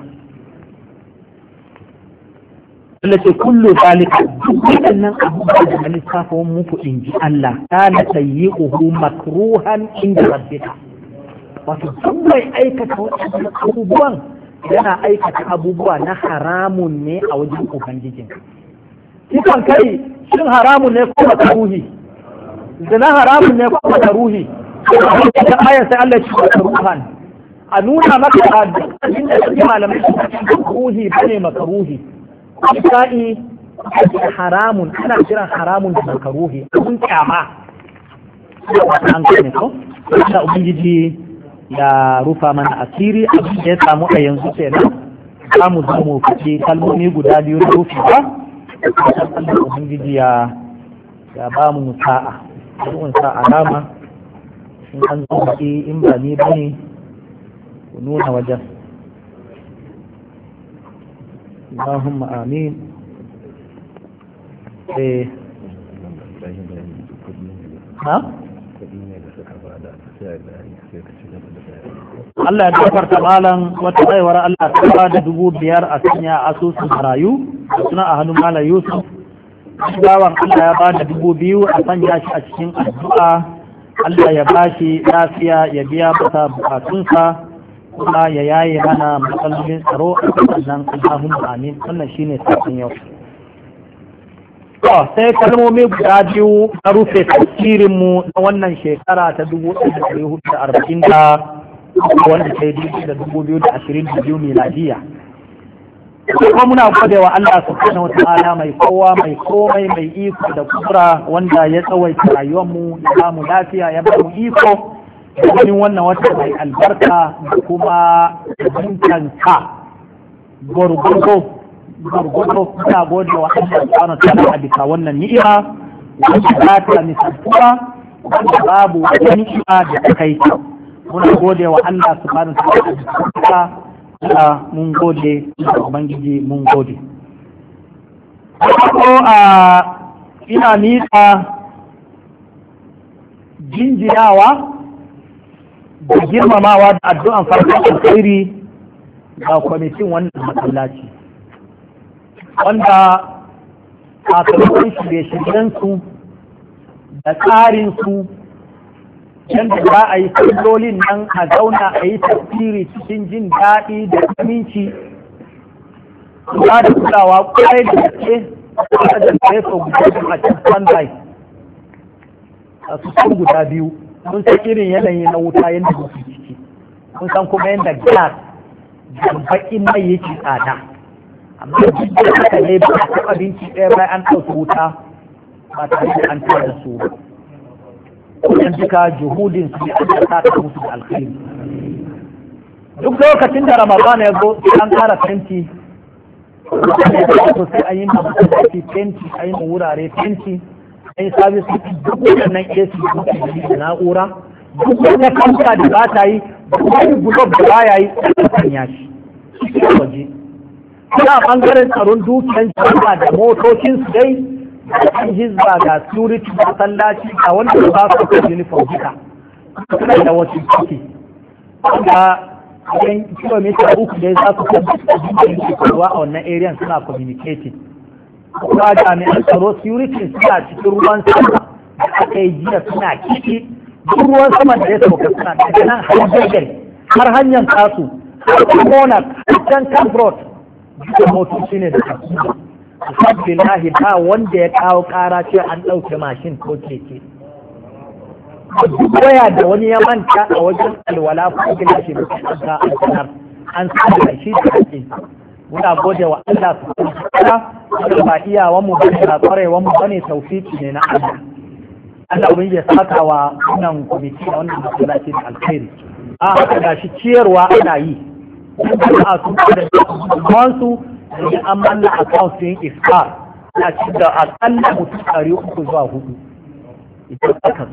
Wanda ce kullu zalika duk waɗannan abubuwan da lissafin muku in ji Allah kana uhu makruhan inda rabbika wato duk mai aikata waɗannan abubuwan yana aikata abubuwa na haramun ne a wajen ubangijin kisan kai shin haramun ne ko ta ruhi zina haramun ne ko ta ruhi da ayan sai Allah ya ci ruhan a nuna maka a dukkan da suke malamai su cikin ruhi bane maka ruhi sa'i haramun ana kiran haramun da maka ruhi abun kyama an kane ko da ubangiji ya rufa mana asiri abin da ya samu a yanzu kenan za mu zo mu fice kalmomi guda biyu na rufi ba da ubangiji ya ya ba mu sa'a mun sa'a alama in an zo baki in ba ni ne ku nuna wajen اللهم آمين إيه. ها؟ Allah ya gafarta malam wata baiwar Allah ta ba da dubu biyar a sanya asusun marayu suna a hannun malam Yusuf bawan Allah ya ba da dubu biyu a sanya shi a cikin addu'a Allah ya ba shi lafiya ya biya masa bukatunsa kuma ya yaye mana matsalolin tsaro a wannan Allahumma amin wannan shine sakon yau sai kalmomi guda biyu na rufe tasirinmu na wannan shekara ta dubu ɗaya da ɗari hudu da arba'in wanda ta yi dubu da dubu biyu da ashirin da biyu miladiya kuma muna gode wa Allah subhanahu wata'ala mai kowa mai komai mai iko da kura wanda ya tsawaita rayuwarmu ya ba mu lafiya ya ba mu iko domin wannan wata mai albarka da kuma jinkanka gwargwado gwargwado muna gode wa Allah subhanahu wata'ala a bisa wannan ni'ima wanda za ta misaltuwa wanda babu wata ni'ima da ta kai kyau. muna gode wa Allah subhanahu wa ta'ala Allah mun gode da Ubangiji mun gode. Ko a ina nisa jinjinawa da girmamawa da addu'an farkon alkhairi ga kwamitin wannan matsalaci. Wanda a shirye-shiryensu da tsarinsu yadda za a yi sallolin nan a zauna a yi tafsiri cikin jin daɗi da aminci ba da kulawa kwarai da gaske a da sai guda biyu a cikin a sun guda biyu sun san irin yanayi na wuta yadda ba su ciki sun san kuma yadda gas da baƙin mai yake tsada amma duk da haka ne ba a taɓa binci ɗaya bayan an ɗauki wuta ba tare da an tara su ba kuɗin duka juhudin su ne aka ta musu da alkhairi duk lokacin da ramadan ya zo an kara fenti to sai an yi mabukaci fenti an yi wurare fenti an yi sabis duk waɗannan ac da na'ura duk wata kamfa da ba ta yi duk wani gudob da ba ya yi kan ya shi waje. Ina ɓangaren tsaron dukiyar jama'a da su dai an hizba ga security masallaci a wanda ba su da uniform duka suna da wasu ciki wanda yan kilomita uku da za su kan da ke faruwa a wannan area suna communicating kuma jami'an tsaro security suna cikin ruwan sama da aka yi jiya suna ciki duk ruwan sama da ya sauka suna daga nan har jirgin har hanyar tasu har kona har can kan road duka motoci ne da kasuwa lahi ba wanda ya kawo kara ce an ɗauke mashin ko keke duk waya da wani ya manta a wajen alwala ko gina shi da kanta a sanar an sanar shi da hakki muna gode wa Allah su kuma wanda ba wa mu bane ba wa mu bane tawfiki ne na Allah Allah ubin ya saka wa wannan kwamiti na wannan masallaci da alkhairi a haka shi ciyarwa ana yi duk da su da su domin an manna account yin iskar na ci da akalla mutum ɗari uku zuwa hudu idan aka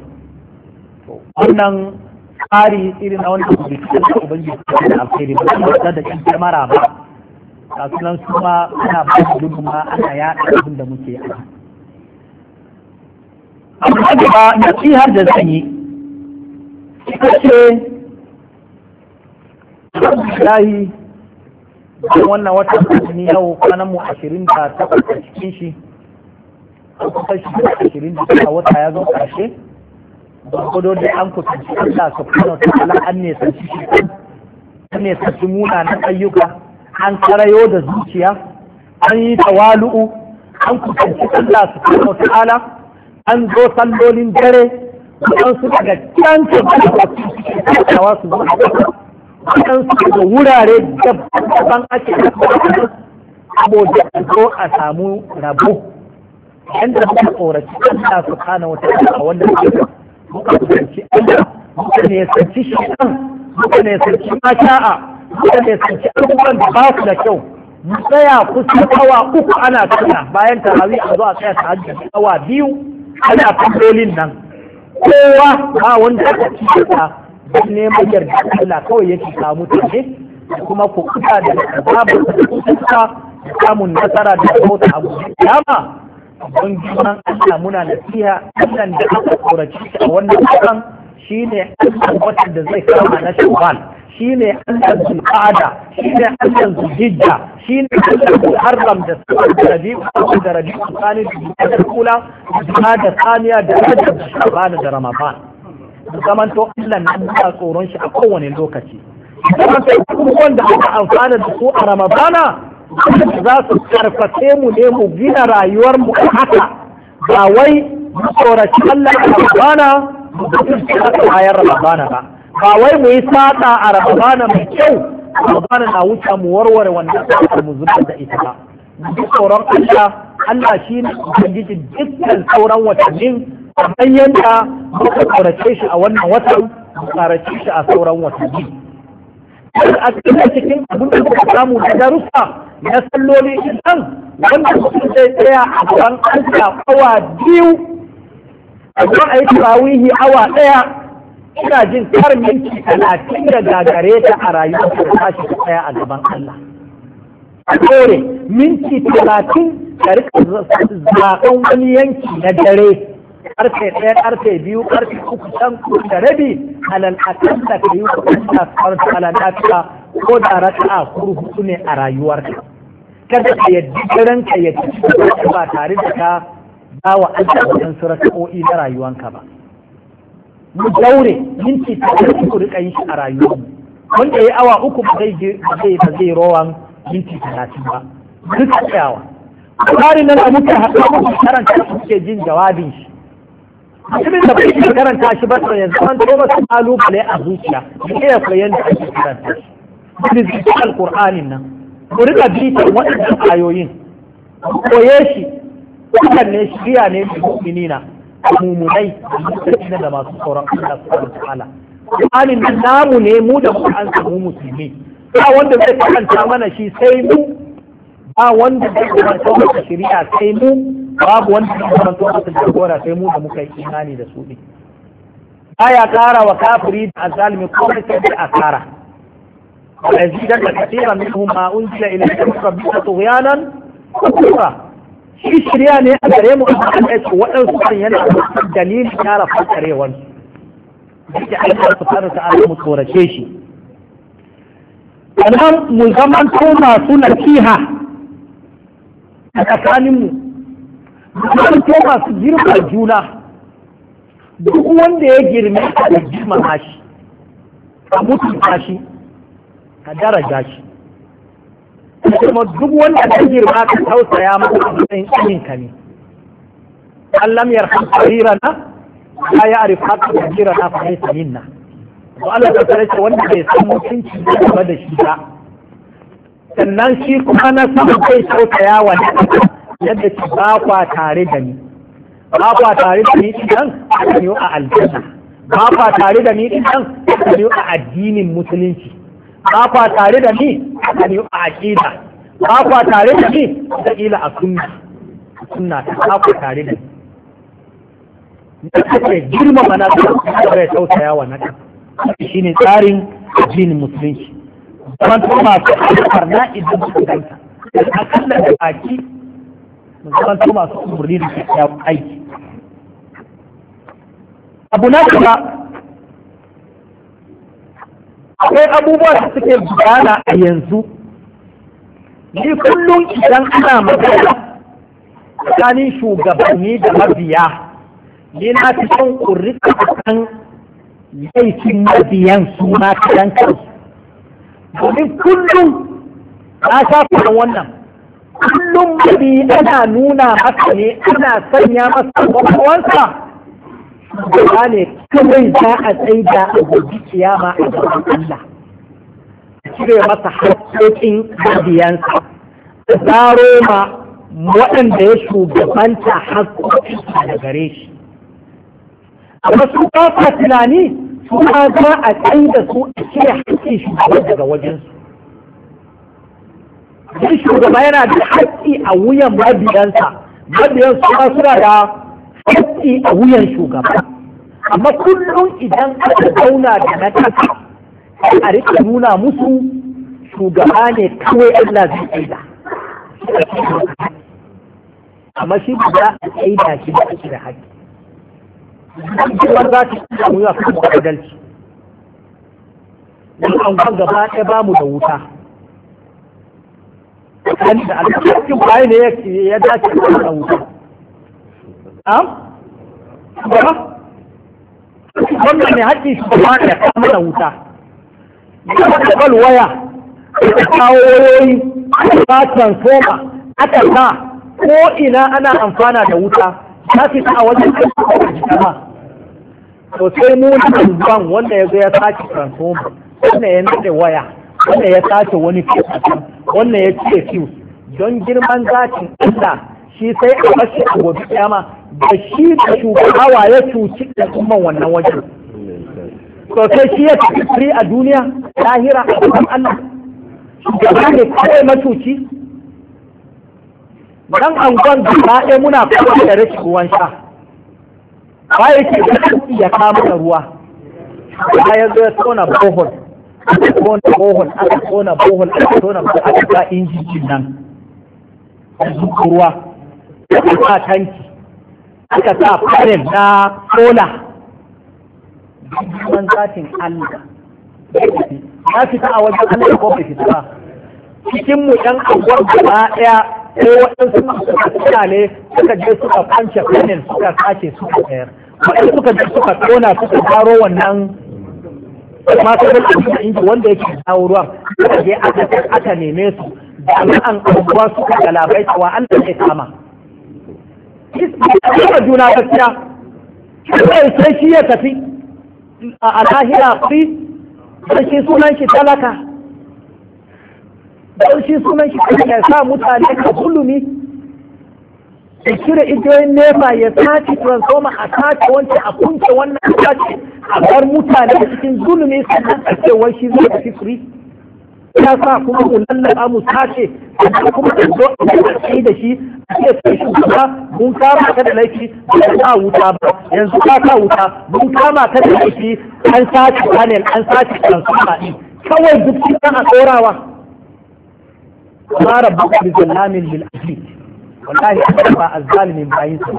wannan tsari irin na wani bikin da ubangiji da alkhairi ba kuma da da kin kamara ba ga sunan su ma ana ba da gudunma ana yaɗa abin da muke yi amma da ba nasihar da zan yi ita ce Alhamdulillah don wannan watan azumi yau kwanan mu ashirin da takwas a cikin shi kusan shi da ashirin da takwas wata ya zo ƙarshe gwargwado da an kusanci Allah subhanahu ta kala an ne sanci shi an ne sanci munanan ayyuka an karayo da zuciya an yi tawalu'u an kusanci Allah subhanahu ta ta'ala an zo sallolin dare an su daga kyan ce ba da wasu su waɗansu da wurare daban ake saboda a zo a samu rabo yadda muka tsoraci Allah su kana wata a wannan da muka tsoraci Allah muka ne sanci shi'an muka ne sanci masha'a muka ne sarki abubuwan da ba su da kyau mu tsaya kusa awa uku ana tsaya bayan tarawi a zo a tsaya ta hajji awa biyu ana kallolin nan kowa ba wanda aka ci don neman yarda kula kawai yake samu mutane kuma ku kuta da babu kusa samun nasara da mota a kiyama don girman Allah muna nasiha Allah da aka kurace shi a wannan kasan shine Allah da zai kama na Shawwal shine Allah Zulqa'ada shine Allah Zulhijja shine Allah haram da Safar da Rabi'u da Rabi'u da Kula da Saniya da Rajab da da Ramadan zamanto Allah na ba tsoron shi a kowane lokaci zaman to abubuwan da aka amfana da su a Ramadana za su karfafe mu ne mu gina rayuwar a haka ba wai mu tsoraci Allah a Ramadana mu tsoraci bayan Ramadana ba ba wai mu yi sata a Ramadana mai kyau Ramadana na wuce mu warware wannan sata mu zubar da ita ba mu tsoron Allah Allah shi ne ubangiji dukkan sauran watannin kamar yadda muka tsorace shi a wannan watan tsarace shi a sauran watanni a cikin cikin abin da muka samu da darussa na salloli idan wanda suka zai tsaya a gaban a awa biyu a zo a yi tarawihi awa ɗaya ina jin kar minti talatin da gagare ta a rayuwar ta shi tsaya a gaban Allah a dore minti talatin ka rika zaɓen wani yanki na dare karfe ɗaya karfe biyu karfe uku can da rabi alal akalla ka yi kuɗin kasuwar alal akalla ko da raka'a kurhutu ne a rayuwarka kada ka yaddi jiran ka ya ci ba tare da ka ba wa Allah wajen su raka'o'i na rayuwanka ba mu daure minti ta talatin ku rika yin shi a rayuwarmu wanda ya awa uku ba zai ba zai rowan minti talatin ba duka tsayawa tsarin nan da muke haɗu muke karanta muke jin jawabin shi mutumin da bai iya karanta shi ba sai yanzu an toba su kalubale a zuciya da iya koyan da ake karanta shi da zuci alkur'anin nan ku rika bitan waɗannan ayoyin koye shi wannan ne shirya ne mai mu'minina mumunai da da masu tsoron Allah subhanahu wa ta'ala Qur'anin nan namu ne mu da mu an samu musulmi ba wanda zai karanta mana shi sai mu ba wanda zai karanta mana shari'a sai mu babu wanda ya karanto masa jagora sai mu da muka yi imani da su ne baya kara wa kafiri da azalimi ko da sai a kara ويزيدن كثيرا منهم ما انزل اليك من ربك طغيانا وكفرا shi shirya ne a gare mu a su waɗansu kan yana da dalilin kara fasarewan da ke aiki su fara ta ala mu tsorace shi sannan mu zaman to masu nasiha a tsakaninmu zanto masu girma juna duk wanda ya girme a da girma shi a mutunta shi ka daraja shi kuma duk wanda ya girma ka tausaya maka a matsayin ɗinka ne allam yarham yi la ya'rif haqqa na fahimta laysa minna to Allah ta tare wanda bai san mutunci ba da shi ba sannan shi kuma na samun kai tausaya wa ne yadda ki ba kwa tare da ni ba kwa tare da ni idan ka yi a aljanna ba kwa tare da ni idan ka yi a addinin musulunci ba kwa tare da ni ka yi a aqida ba kwa tare da ni da ila a sunna sunna ta ba kwa tare da ni da kake girma mana da ya tausaya wa naka shi ne tsarin addinin musulunci zaman masu karna idan suka ganta akalla da baki zan masu umarni da kyakkyawan aiki abu na kuma akwai abubuwa da suke gudana a yanzu ni kullum idan ana magana tsakanin shugabanni da mabiya ni na fi son kurrika a kan laifin mabiyan su ma kadan kansu domin kullum na sha wannan kullum gari ana nuna masa ne ana sanya masa kwakwansa ba ne kawai za a tsaida a gobe kiyama a gaban Allah cire masa haƙoƙin gabiyansa zaro roma waɗanda ya shugabanta haƙoƙinsa da gare shi a wasu ba tunani su ma za a tsaida su a cire haƙƙin shugaban daga wajensu duk shugaba yana da haƙƙi a wuyan mabiyansa mabiyan suna suna da haƙƙi a wuyan shugaba amma kullum idan aka zauna da na ƙasa a rika nuna musu shugaba ne kawai Allah zai aida amma shi ba za a aida shi da ake da haƙƙi Jirgin za ta yi samu yawa kuma adalci. Wani an gaba ɗaya ba mu da wuta. tsakani da Allah cikin ne ya dace da wuta am ba wannan ne haƙƙin shi ba ya kama da wuta ya da bal waya ya kawo wayoyi ba transformer aka sa ko ina ana amfana da wuta ta fi a wajen kai jikama to sai mu na wanda ya zo ya sake transformer wannan ya nade waya wanda ya sace wani fiye a can wanda ya ce fiye don girman zatin Allah shi sai a bashi a gobe kyama da shi da shugaba ya cuci da kuma wannan wajen to sai shi ya tafi a duniya lahira a kan Allah shugaba ne kawai macuci dan angon gaba ɗaya muna kawai da rashin ruwan sha ba ya ce ya kama ruwa ya zo ya tona bohol aka kona bohol aka kona bohol aka kona bohol aka sa injin nan da ruwa aka sa tanki aka sa farel na kola don zatin Allah ya fita a wajen Allah ko bai fita ba cikin mu ɗan abuwar gaba ɗaya ko waɗansu masu ne suka je suka kwance fannin suka sace suka tsayar waɗansu suka je suka tona suka taro wannan ma ta bin abin inji wanda yake dawo ruwan aka je aka neme su jami'an abubuwa suka galabai cewa an da zai kama kuma juna gaskiya kai sai shi ya tafi a alahira fi dan shi sunan shi talaka dan shi sunan shi talaka ya sa mutane ka kulumi da cire igiyoyin nefa ya sace transformer a sace wancan a kunce wannan sace a bar mutane a cikin zulumi sannan a ce wai shi zai tafi free ya sa kuma mu lallaba mu sace sannan kuma da zo a kai da shi a ce sai shugaba mun kama ka da laifi ba ka wuta ba yanzu ka ka wuta mun kama ka da laifi an sace panel an sace transformer din kawai duk a tsorawa. Mara bakwai zallamin lil'ajid wallahi an ba azzalimin bayin sa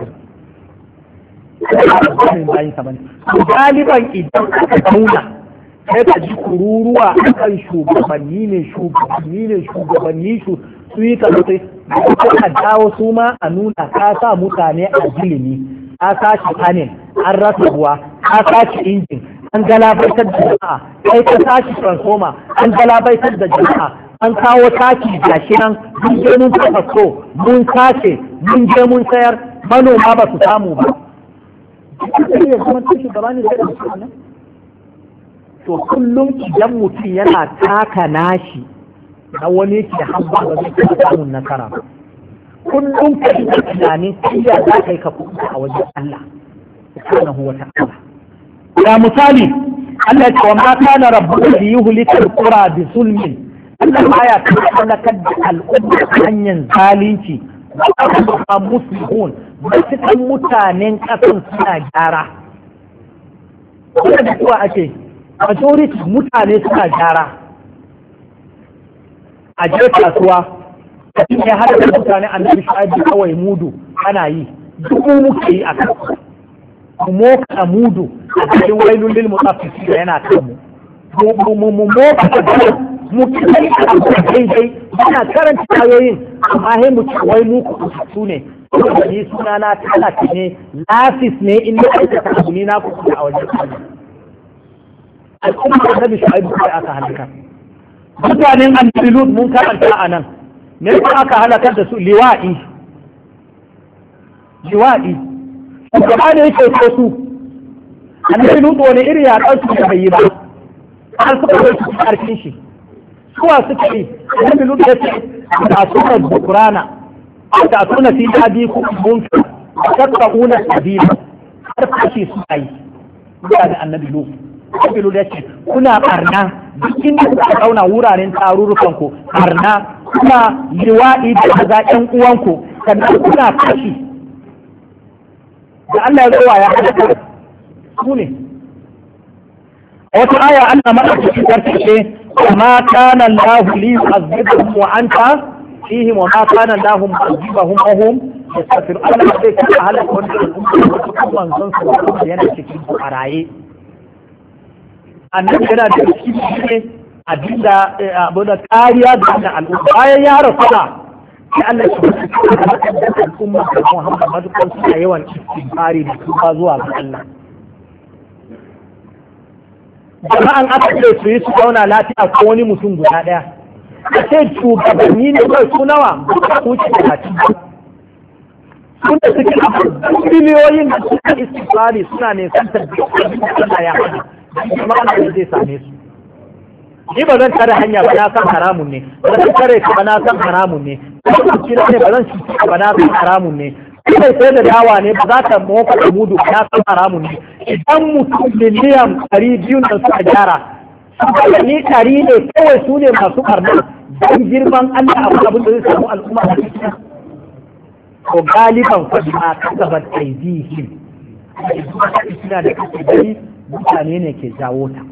bane bayin sa galiban idan aka zauna sai ka ji kururuwa akan shugabanni ne shugabanni ne shugabanni su su yi kalmai ka dawo su ma a nuna ka sa mutane a jilimi ka shi panin an rasa ruwa ka shi injin an galabaitar da jama'a kai ka shi transformer an galabaitar da jama'a an kawo taki gashi nan mun je mun kafa so mun sace mun je mun sayar manoma ba su samu ba to kullum idan mutum yana taka nashi na wani yake hamba ba zai taɓa samun nasara kullum ka yi tunanin iya za ka yi ka kuɗa a wajen Allah subhanahu wa ta'ala ya misali Allah ya ce wa ma kana rabbuka liyuhlikal qura bi zulmin Allah baya halakar da al'umma hanyar zalunci ba musulun matukan mutanen ƙasan suna gyara kuma da kuwa ake majority mutane suna gyara a je kasuwa a cikin ya hada da mutane a nan shaɗi kawai mudu ana yi duk muke yi a kasuwa mu moka mudu a cikin wailulil mutafi yana kan mu mu moka Mu ne a kan daidai yana karanta tayoyin amma sai mu wai mu ku ne ni suna na talaka ne lafis ne in na aikata abu ne na ku a wajen al'umma da nabi shu'aibu kai aka halaka mutanen annabi lut mun karanta a nan ne ba aka halakar da su liwa'i liwa'i shugaba ne yake ko su annabi lut wani iri ya ɗan su da bai yi ba har suka kai su karfin shi suwa suke yi a yi ya ce da suna bukurana da suna fi dadi ku bunka tattauna sabila har kashi suna yi da da annabi lut annabi lut ya ce kuna karna duk inda kuka kauna wuraren tarurrukan ku barna kuna liwa'i da kaza ƴan uwanku sannan kuna fashi. da Allah ya zuwa ya haɗa Su ne a wata aya Allah madaukakin sarki ce وما كان الله ليعذبهم وأنت فيهم وما كان الله معذبهم وهم يستغفرون أنا أبيك أهل كنت الأمة من صنصر الأمة ينا cikin أرائي annabi yana da cikin abinda abu da kariya da wannan al'umma bayan ya rasu da sai Allah ya shi da al'umma da ya suna yawan istighfari da kuma zuwa ga Allah jama'an aka ce su yi su zauna lafiya ko wani mutum guda ɗaya a ce shugabanni ne kawai su nawa duka kuce talatin sun da suke abu miliyoyin da suka istifari suna ne san da ya hana jama'an da zai same su ni ba zan tare hanya ba na san haramun ne ba zan tare ka ba na san haramun ne ba zan cuci ka ba ba na san haramun ne in bai sai da dawa ne ba za ta mofa da mudu ya san haramun ne idan mutum miliyan ɗari biyu da suka gyara ni ɗari ne kawai su ne masu karna don girman Allah abu abin da zai samu al'umma a cikin ko galiban kwaji ma kan gaban aidihim suna da kake gari mutane ne ke jawo ta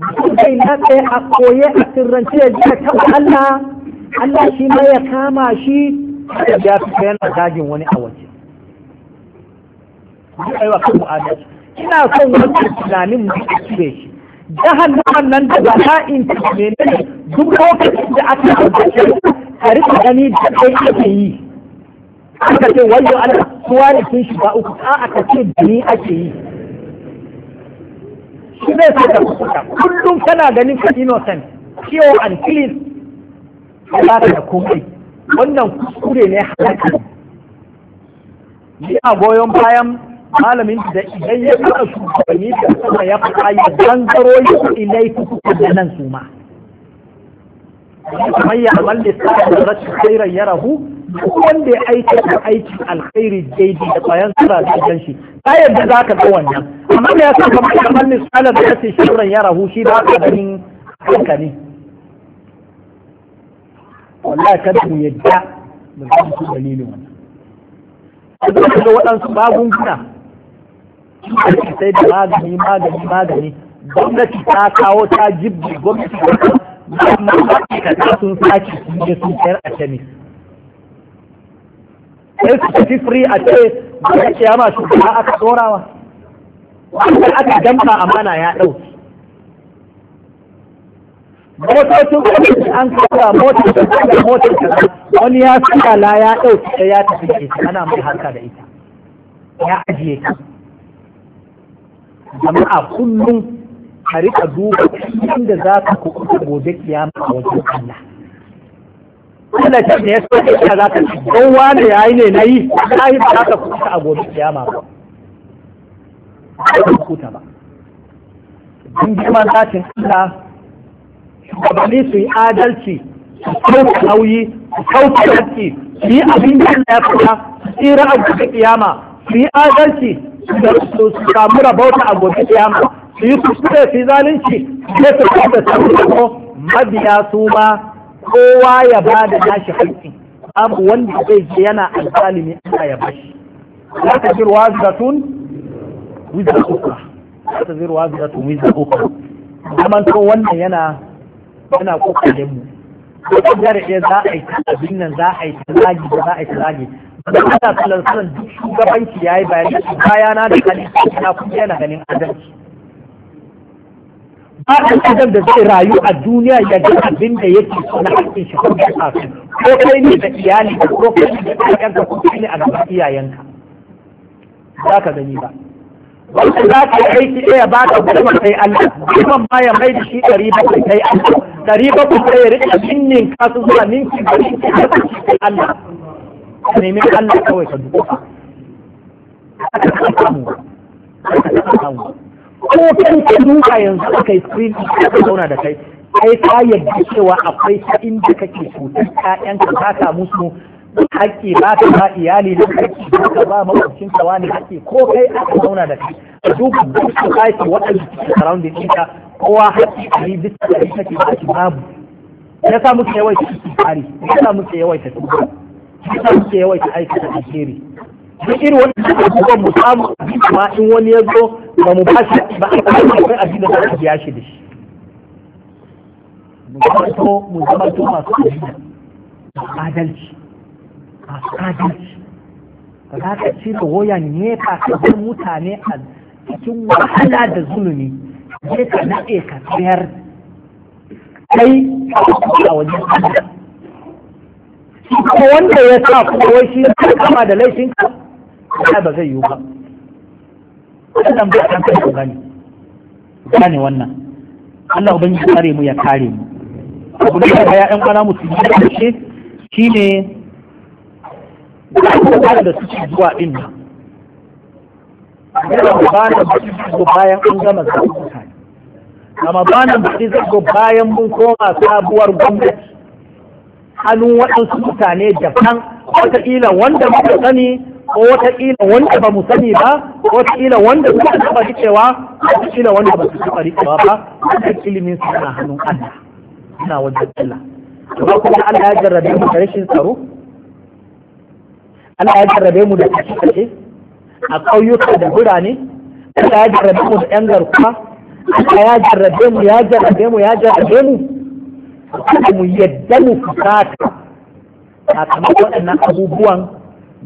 mutum zai na tsaye a koye a sirrance ya ji ta Allah Allah shi ma ya kama shi haka ya yana wani a ina son wannan tunanin mu cire shi nan da bala'in ta menene duk lokacin da aka tabbace a rika gani da kai ake yi aka ce wayo Allah suwa ne shi ba uku a aka ce ni ake yi shi ne sa da kuka kullum kana ganin ka innocent pure and clean ba ta da komai wannan kuskure ne halaka ya goyon bayan malamin da idan ya fara shugabanni da sama ya fara ya gangaro ya ilai kuka da nan su ma kamar ya amal da sa da rashin khairan ya rahu wanda ya aiki da aiki alkhairi daidai da bayan sura da gan shi ta yadda za ka ga wannan amma da ya sa kamar ya amal da sa da rashin ya rahu shi ba ka ganin hankali wallahi kada mu yadda da zama su dalilin wannan a duk da waɗansu magunguna sai da magani magani magani gwamnati ta kawo ta jibbi gwamnati ta ma'aikata sun sake sun je sun sayar a kemis sai su tafi firi a ce ba ya kiyama a aka dorawa wanda aka damka amana ya ɗauki motocin kwanci an kasa motocin motar motocin wani ya saka la ya ɗauki ta ya tafi ke ana mai harka da ita ya ajiye ta amma kullum ka riƙa duba inda za ka kuɓuta gobe kiyama a wajen Allah Allah ta ne ya so ka za ka ci don wani ya yi ne na yi na yi ba za ka kuɓuta a gobe kiyama ba ba ka kuɓuta ba. Dun girman zatin Allah shugabanni su yi adalci su sauka nauyi su sauka yaki su yi abin da ya fita su tsira a gobe kiyama su yi adalci su samu rabauta a gobe kiyama su yi kuskure su yi zalunci sai su da samu mabiya su ma kowa ya ba da nashi haƙƙi abu wanda zai je yana alƙalimi ana ya bashi la ta zir waziratun wizar ukra la ta ruwa waziratun wizar ukra zaman to wannan yana yana kokarin mu wata ɗaya za a yi ta abin nan za a yi ta zagi za a yi ta zagi da ana kallon sanin duk shugabanci ya yi bayan su bayana da hali na kuma yana ganin adalci ba ɗan adam da zai rayu a duniya ya ga abin da yake so na haƙƙin shi kuma a ko kai ne da iyali ko kai ne da ƴaƴanka ko kai ne a gaban iyayenka za ka gani ba wanda za ka yi aiki ɗaya ba ka gudu goma sai Allah kuma ma ya mai da shi ɗari bakwai sai Allah ɗari bakwai sai ya rika minnin kasu zuwa ninki da shi sai Allah ka nemi Allah kawai ka duka ko kan ka duka yanzu aka yi screen ka zauna da kai kai ka yadda cewa akwai ta inda kake cutar ƴaƴanka ka musu haƙƙi ba ka ba iyali na haƙƙi ba ka ba makwabcin ka wani haƙƙi ko kai aka zauna da kai duk duk su haƙƙi waɗanda suke surrounding ɗinka kowa haƙƙi a yi bisa da ita ba haƙƙi babu ya sa muke yawaita istighfari ya sa muke yawaita tuba ya sa muke yawaita aikata alheri duk irin wani abubuwan mu samu abinci ma in wani ya zo ba mu ba shi ba a kuma akwai abin da za ka biya shi da shi mu zama to mu zama to masu adalci masu adalci ba za ka ci da wayan nefa ka bar mutane a cikin wahala da zulumi je ka naɗe ka tsayar kai a wajen Allah kuma wanda ya sa kuma shi ya kama da laifin ka ya ba zai yiwu ba wannan ba kan kai gani gane wannan Allah ubangiji kare mu ya kare mu abu da ya ɗan kwana musulmi da shi shine da da suke zuwa din nan yana bana baki zuwa bayan an gama zaɓen mutane amma bana baki zuwa bayan mun koma sabuwar gwamnati hannun waɗansu mutane daban wataƙila wanda muka sani ko wataƙila wanda ba mu sani ba ko wataƙila wanda suka taɓa riƙewa wataƙila wanda ba su taɓa riƙewa ba wannan ilimin su hannun Allah suna wajen Allah ba kuma Allah ya jarrabe mu da rashin tsaro Allah ya jarrabe mu da kashe a ƙauyuka da birane Allah ya jarrabe mu da ƴan garkuwa Allah ya jarrabe mu ya jarrabe mu ya jarrabe mu kuma mu yadda mu fusata sakamakon waɗannan abubuwan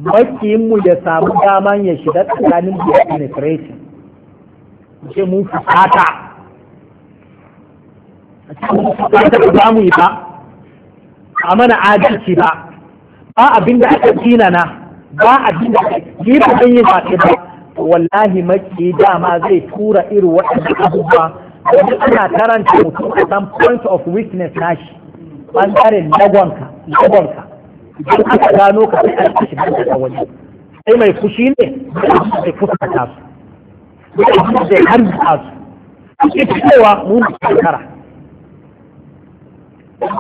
makiyin mu ya samu daman ya shiga tsakanin mu da penetration ce mu fusata a cikin fusata ba mu yi ba a mana adalci ba ba abin da aka tsina na ba abin da yi ba yi zaɓe ba wallahi maki dama zai tura irin waɗannan abubuwa wani ana karanta mutum a san point of weakness shi ɓangaren lagonka lagonka idan aka gano ka sai an kashi da wani sai mai fushi ne zai fuskata su zai harzuka su ake cewa mu na kankara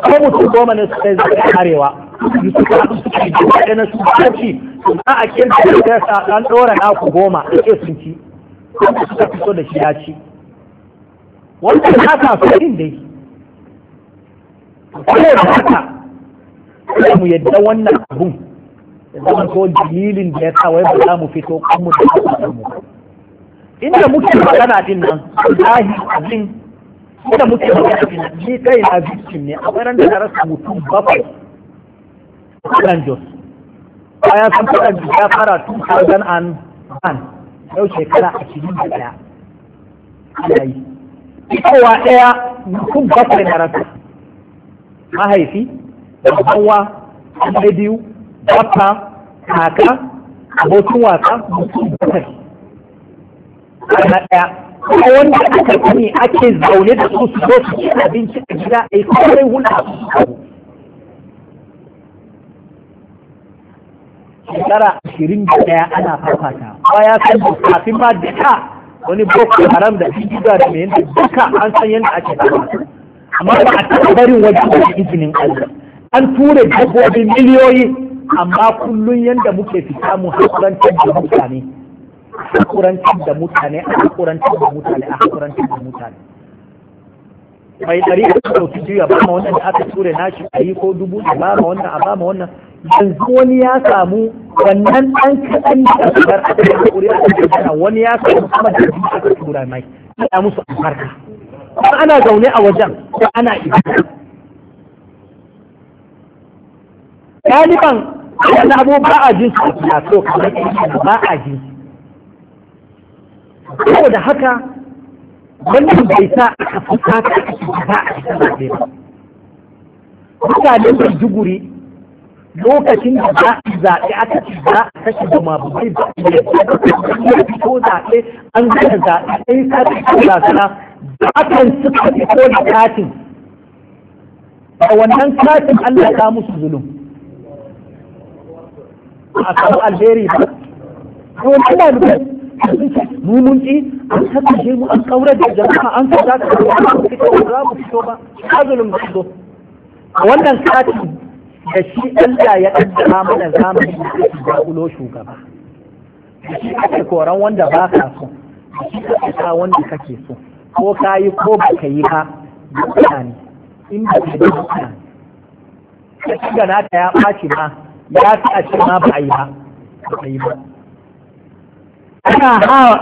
ko mutum goma ne su kai zai karewa suka yi da na su ci to a kirki da sa dan dora na ku goma a ce sun ci wanda suka fito da shi ya ci Wannan ya ka fadin dai kuma da haka sai mu yadda wannan abun da zama ko dalilin da ya sa wai ba za mu fito kan mu da mu inda muke magana din nan wallahi abin inda muke magana din nan ni kai na victim ne a ran da na rasa mutum bakwai Kalan Jos. Baya sun Kalan Jos ya fara 2001 yau shekara ashirin da ɗaya. Ana yi. Kowa ɗaya mutum bakwai na rasa. Mahaifi, hawa, ɗan biyu, wata, kaka, abokin wasa, mutum bakwai. Ana ɗaya. kuma wanda aka sani ake zaune da su su zo su ci abinci a gida a yi kawai wula shekara ashirin da ɗaya ana fafata ba ya san kafin ma duka wani boko haram da gida da mai yanda duka an san yadda ake fafata amma ba a taɓa barin wajen da izinin Allah an tura dabbobi miliyoyi amma kullum yadda muke fita mu hakurantar da mutane hakurantar da mutane a hakurantar da mutane a hakurantar da mutane mai ɗari a ɗauki juya ba ma wannan da aka ture nashi a yi ko dubu da ba ma wannan a ba ma wannan yanzu wani ya samu wannan ɗan kaɗan da aka bar a cikin a cikin wani ya samu kuma da jiki suka tura mai a musu albarka kuma ana zaune a wajen ko ana ibada ɗaliban a abu ba a jin su na so kamar ɗan ba a jin saboda haka wannan bai sa aka fusata a cikin ba a cikin ba mutanen da juguri lokacin da za a zaɓe aka ci za a kashe da mabuɗi da ya fito zaɓe an zaɓe zaɓe ɗai ka ci ko zakana zaɓen suka ko da katin a wannan katin Allah ta musu zulum a samu alheri ba ko wannan da mu mun ci an saka shi mu an kaura da jama'a an saka ka ba mu mu fito ba ka zulum da wannan katin da shi Allah ya kaddara mana zamani da yake shugaba da shi ake koran wanda ba ka so da shi ake sa wanda kake so ko ka yi ko ba ka yi ka, duka ne inda ka yi duka ne ka gana ka ya ɓaci ma ya fi a ce ma ba yi ba ba yi ba ana ha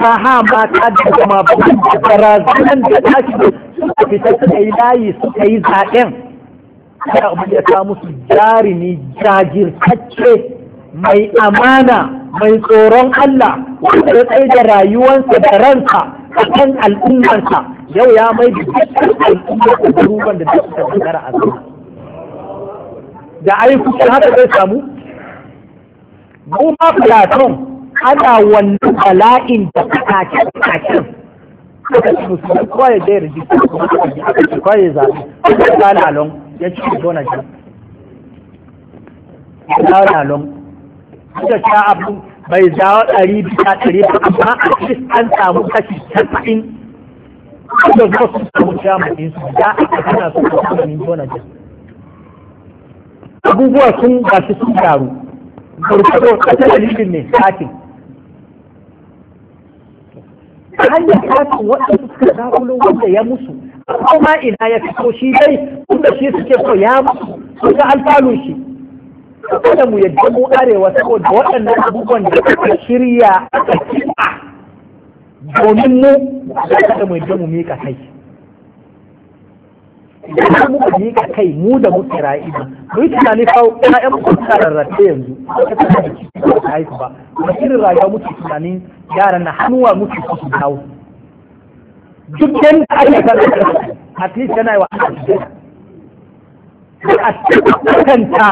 ba ha ta da kuma ba da barazanan da ta shi suka fita suka yi layi suka yi zaɓen ya abu ya ta musu jarumi jajirtacce mai amana mai tsoron Allah wanda ya tsaye da rayuwarsa da ranka a kan al'ummarsa yau ya mai da dukkan al'ummar da ruban da duk da dogara a zama da ai kusa haka zai samu mu ma platon ana wannan bala'in da kakakin kakakin suka ci musulmi kwaye ya dai kuma aka ci kowa ya zaɓi kwaye ci ya ci da zona shi ya dawo da lon suka sha abu bai zawo ɗari bisa ɗari ba amma a cikin an samu kashi casa'in da zuwa sun samu jami'in su da aka hana su da kamanin zona shi abubuwa sun gasu sun gyaru gurgudu kasar dalilin ne sakin hanyar kafin waɗanda suka zaɓulo wanda ya musu kuma ina ya fito shi dai inda shi suke so ya ga alfalun shi kada mu yadda mu arewa saboda waɗannan abubuwan da suke shirya aka kiɓa domin mu kada mu yadda mu mika kai mu ka mika kai mu da mu isra'ila mu yi tunani fa ƴaƴan mu suna rarrafe yanzu ta da ba ta haihu ba mu irin rayuwa muke tunanin yaran na hannuwa muke kusa da hau. duk dan da ake kan at least yana yi wa a kanta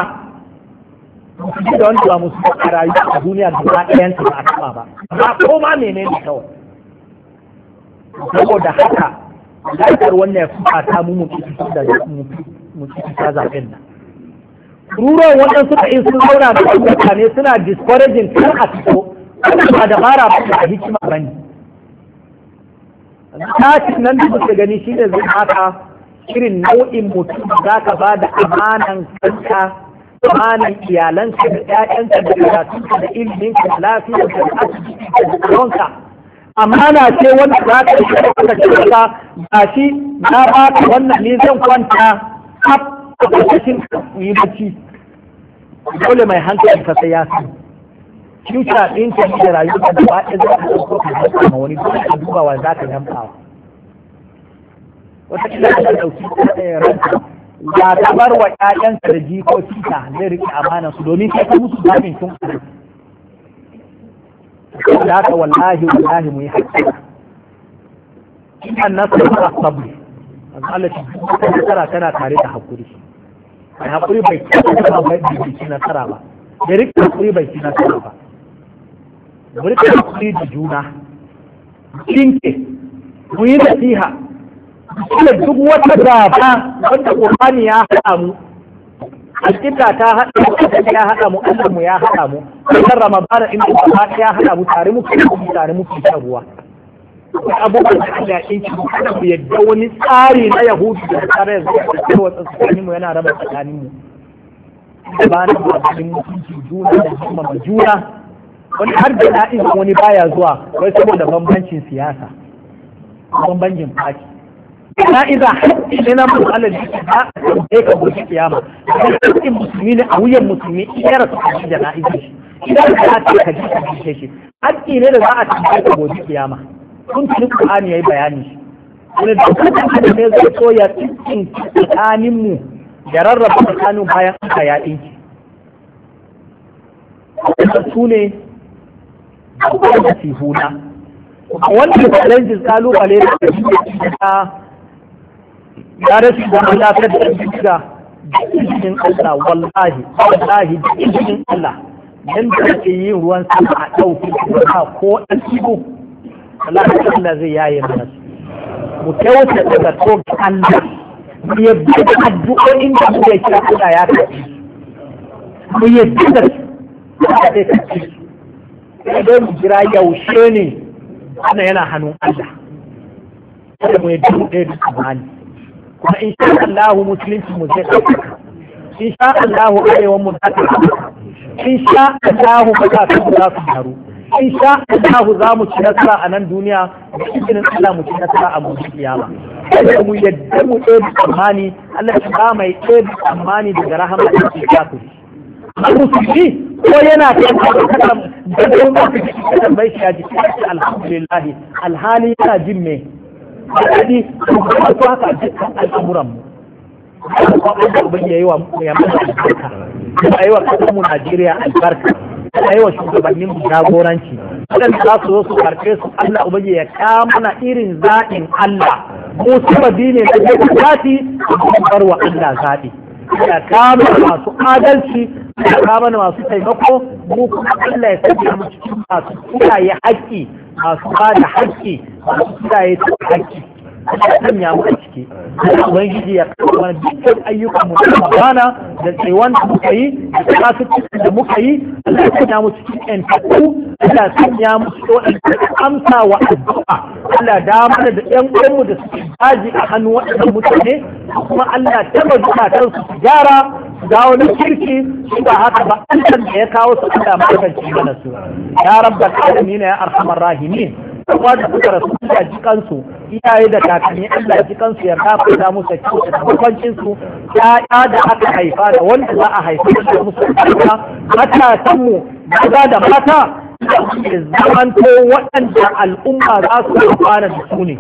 musulmi da wanda ba musulmi a rayu a duniya da ba ɗayan su ba a taɓa ba ba ko ma menene kawai saboda haka laifar wannan ya fata mu mu fita da mu fita zaɓen nan ruruwan waɗansu da in sun zauna da mutane suna discouraging kan a fito ba dabara bara ba da hikima ba ne tashin nan da kuke gani shi ne zai haka irin nau'in mutum za ka ba da amanan kanka amanan iyalanka da ƴaƴanka da karatunka da iliminka da lafiyarka da asibiti da tsaronka amana ce wanda za ka yi ka ce ba shi na ba ka wannan ne zan kwanta kaf a ƙarƙashin yi bacci dole mai hankali ka sai ya sani future ɗinka da rayuwa da ba ɗaya zai ka ɗauko ka zaka wani dole ka duba wa za ka yanka wata kila ka ɗauki eh, ranka ya ta bar wa ƴaƴanka da jikokinka zai riƙe amanan su domin kai ka musu zamin tun kuma da haka wallahi wallahi mu yi haƙƙi Ina nasu da sabbi Allah ta nasara tana tare da haƙuri mai haƙuri bai ci nasara ba bai riƙe haƙuri bai nasara ba mu rika hakuri da juna kinke mu yi nasiha kula duk wata gaba wanda qur'ani ya haɗa mu Alkita ta haɗa mu ya haɗa mu Allah mu ya haɗa mu kan ramadan in ba ya haɗa mu tare mu kuma tare mu shan ruwa abubuwan da Allah ya kinki kada ku yadda wani tsari na yahudu da tsare ya zuwa tsakanin tsakanin mu yana raba tsakanin mu ba na ba da mutunci juna da ma juna wani har da na'izin wani baya zuwa wai saboda bambancin siyasa bambancin faki iza ne na mutu jiki? da yake ba a ka gudu kiyama in musulmi ne a wuyan musulmi iya rasu kaji da na'izin shi idan ka ta ka ji ka ji shi haƙƙi ne da za a tambaye ka gobe kiyama kun tuni ya yi bayani shi wani da kuma da ne zai so ya cikin tsakanin mu da rarraba tsakanin bayan aka ya shi su ne akwai nasihuna wannan challenges kalubale da ta ya rashin da da shiga da izinin Allah wallahi wallahi da izinin Allah da ake yin ruwan sama a ɗauki ruwa ko ɗan ibo Allah zai yaye mana mu kyauta da zato ga Allah mu yadda da addu'o'in da muke kira Allah ya karɓi mu yadda da su ya dai mu jira yaushe ne ana yana hannun Allah kada mu yadda ɗaya da tsammani kuma in sha Allah musulunci mu zai ɗaukaka in sha Allah arewa mu za ta in sha Allah za mu za su taru, in sha Allah za mu ci nasara a nan duniya da izinin Allah mu ci nasara a mutum kiyama kada mu yadda mu ɗaya da tsammani Allah ya ba mai ɗaya da tsammani daga rahama da ke kafiri musulmi ko yana da don tambayi shi a jikin shi alhamdulillah alhali yana jin mai. daɗi kuma ko haka dukkan al'amuran mu kuma da ubin yayi wa ya mana albarka kuma yayi wa kasar Najeriya albarka kuma wa shugabannin mu jagoranci waɗanda za su zo su karfe su Allah ubin ya kamana irin zaɓin Allah mu sababi ne da ya zaɓi a kuma barwa Allah zaɓi ya kama masu adalci ka mana masu taimako mu kuma Allah ya sanya mu cikin masu kiyaye haƙƙi masu ba da haƙƙi masu kiyaye haƙƙi Allah sanya mu a ciki ya kama mana dukkan ayyukan mu da bana da tsayuwan da muka yi da kasuwancin da muka yi da sanya mu cikin ƴantattu Allah sanya mu cikin amsa wa addu'a Allah mana da ƴan uwanmu da suke daji a hannu waɗannan mutane kuma Allah tabbata zukatansu su gyara dawo na kirki su ba haka ba Allah da ya kawo su Allah mai kanci mana su ya rabbal na ya arhamar rahimin kuma da suka rasu da jikansu iyaye da kakanni Allah jikansu ya kafa da musu kyau da bakwancin su ya da aka haifa da wanda za a haifa da musu kyauta hatta mu maza da mata da zamanto waɗanda al'umma za su amfana da su ne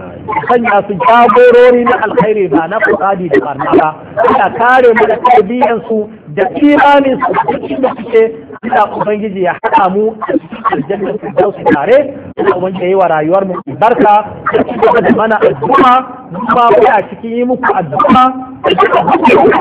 sanya su jagorori na alkhairi ba na fusadi da barna ba ina kare mu da tarbiyyansu da imanin su duk inda suke da ubangiji ya haɗa mu a cikin aljannar firdausi tare ina ubangiji ya yi wa rayuwar mu barka da cikin da mana addu'a kuma muna cikin yi muku addu'a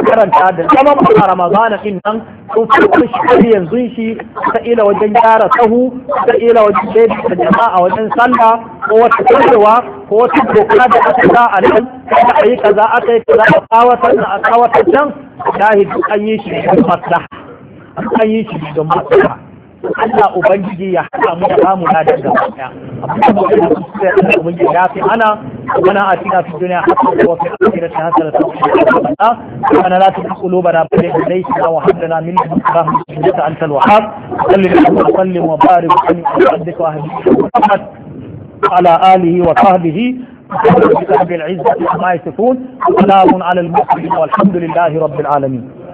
karanta da zama mu a ramadana din nan sun fi shi yanzu shi ta ila wajen gyara sahu ta ila wajen daidaita jama'a wajen sallah ko wata kwarewa ko wata doka da aka sa a nan kada a yi kaza aka yi kaza a kawatar da a kawatar can shahid an yi shi da maslaha an yi shi don matsala Allah Ubangiji ya haɗa mu da bamu na daga wata amma mu da su sai Allah Ubangiji ya fi ana wana atina fi dunya hasana wa fi akhirati hasana wa qina adhaban nar la tuzigh qulubana ba'da idh hadaytana wa hab lana min ladunka rahmatan innaka antal wahhab salli wa sallim wa barik wa sallim ala abdika wa habibika على آله وصحبه رب العزة عما يصفون سلام على المسلمين والحمد لله رب العالمين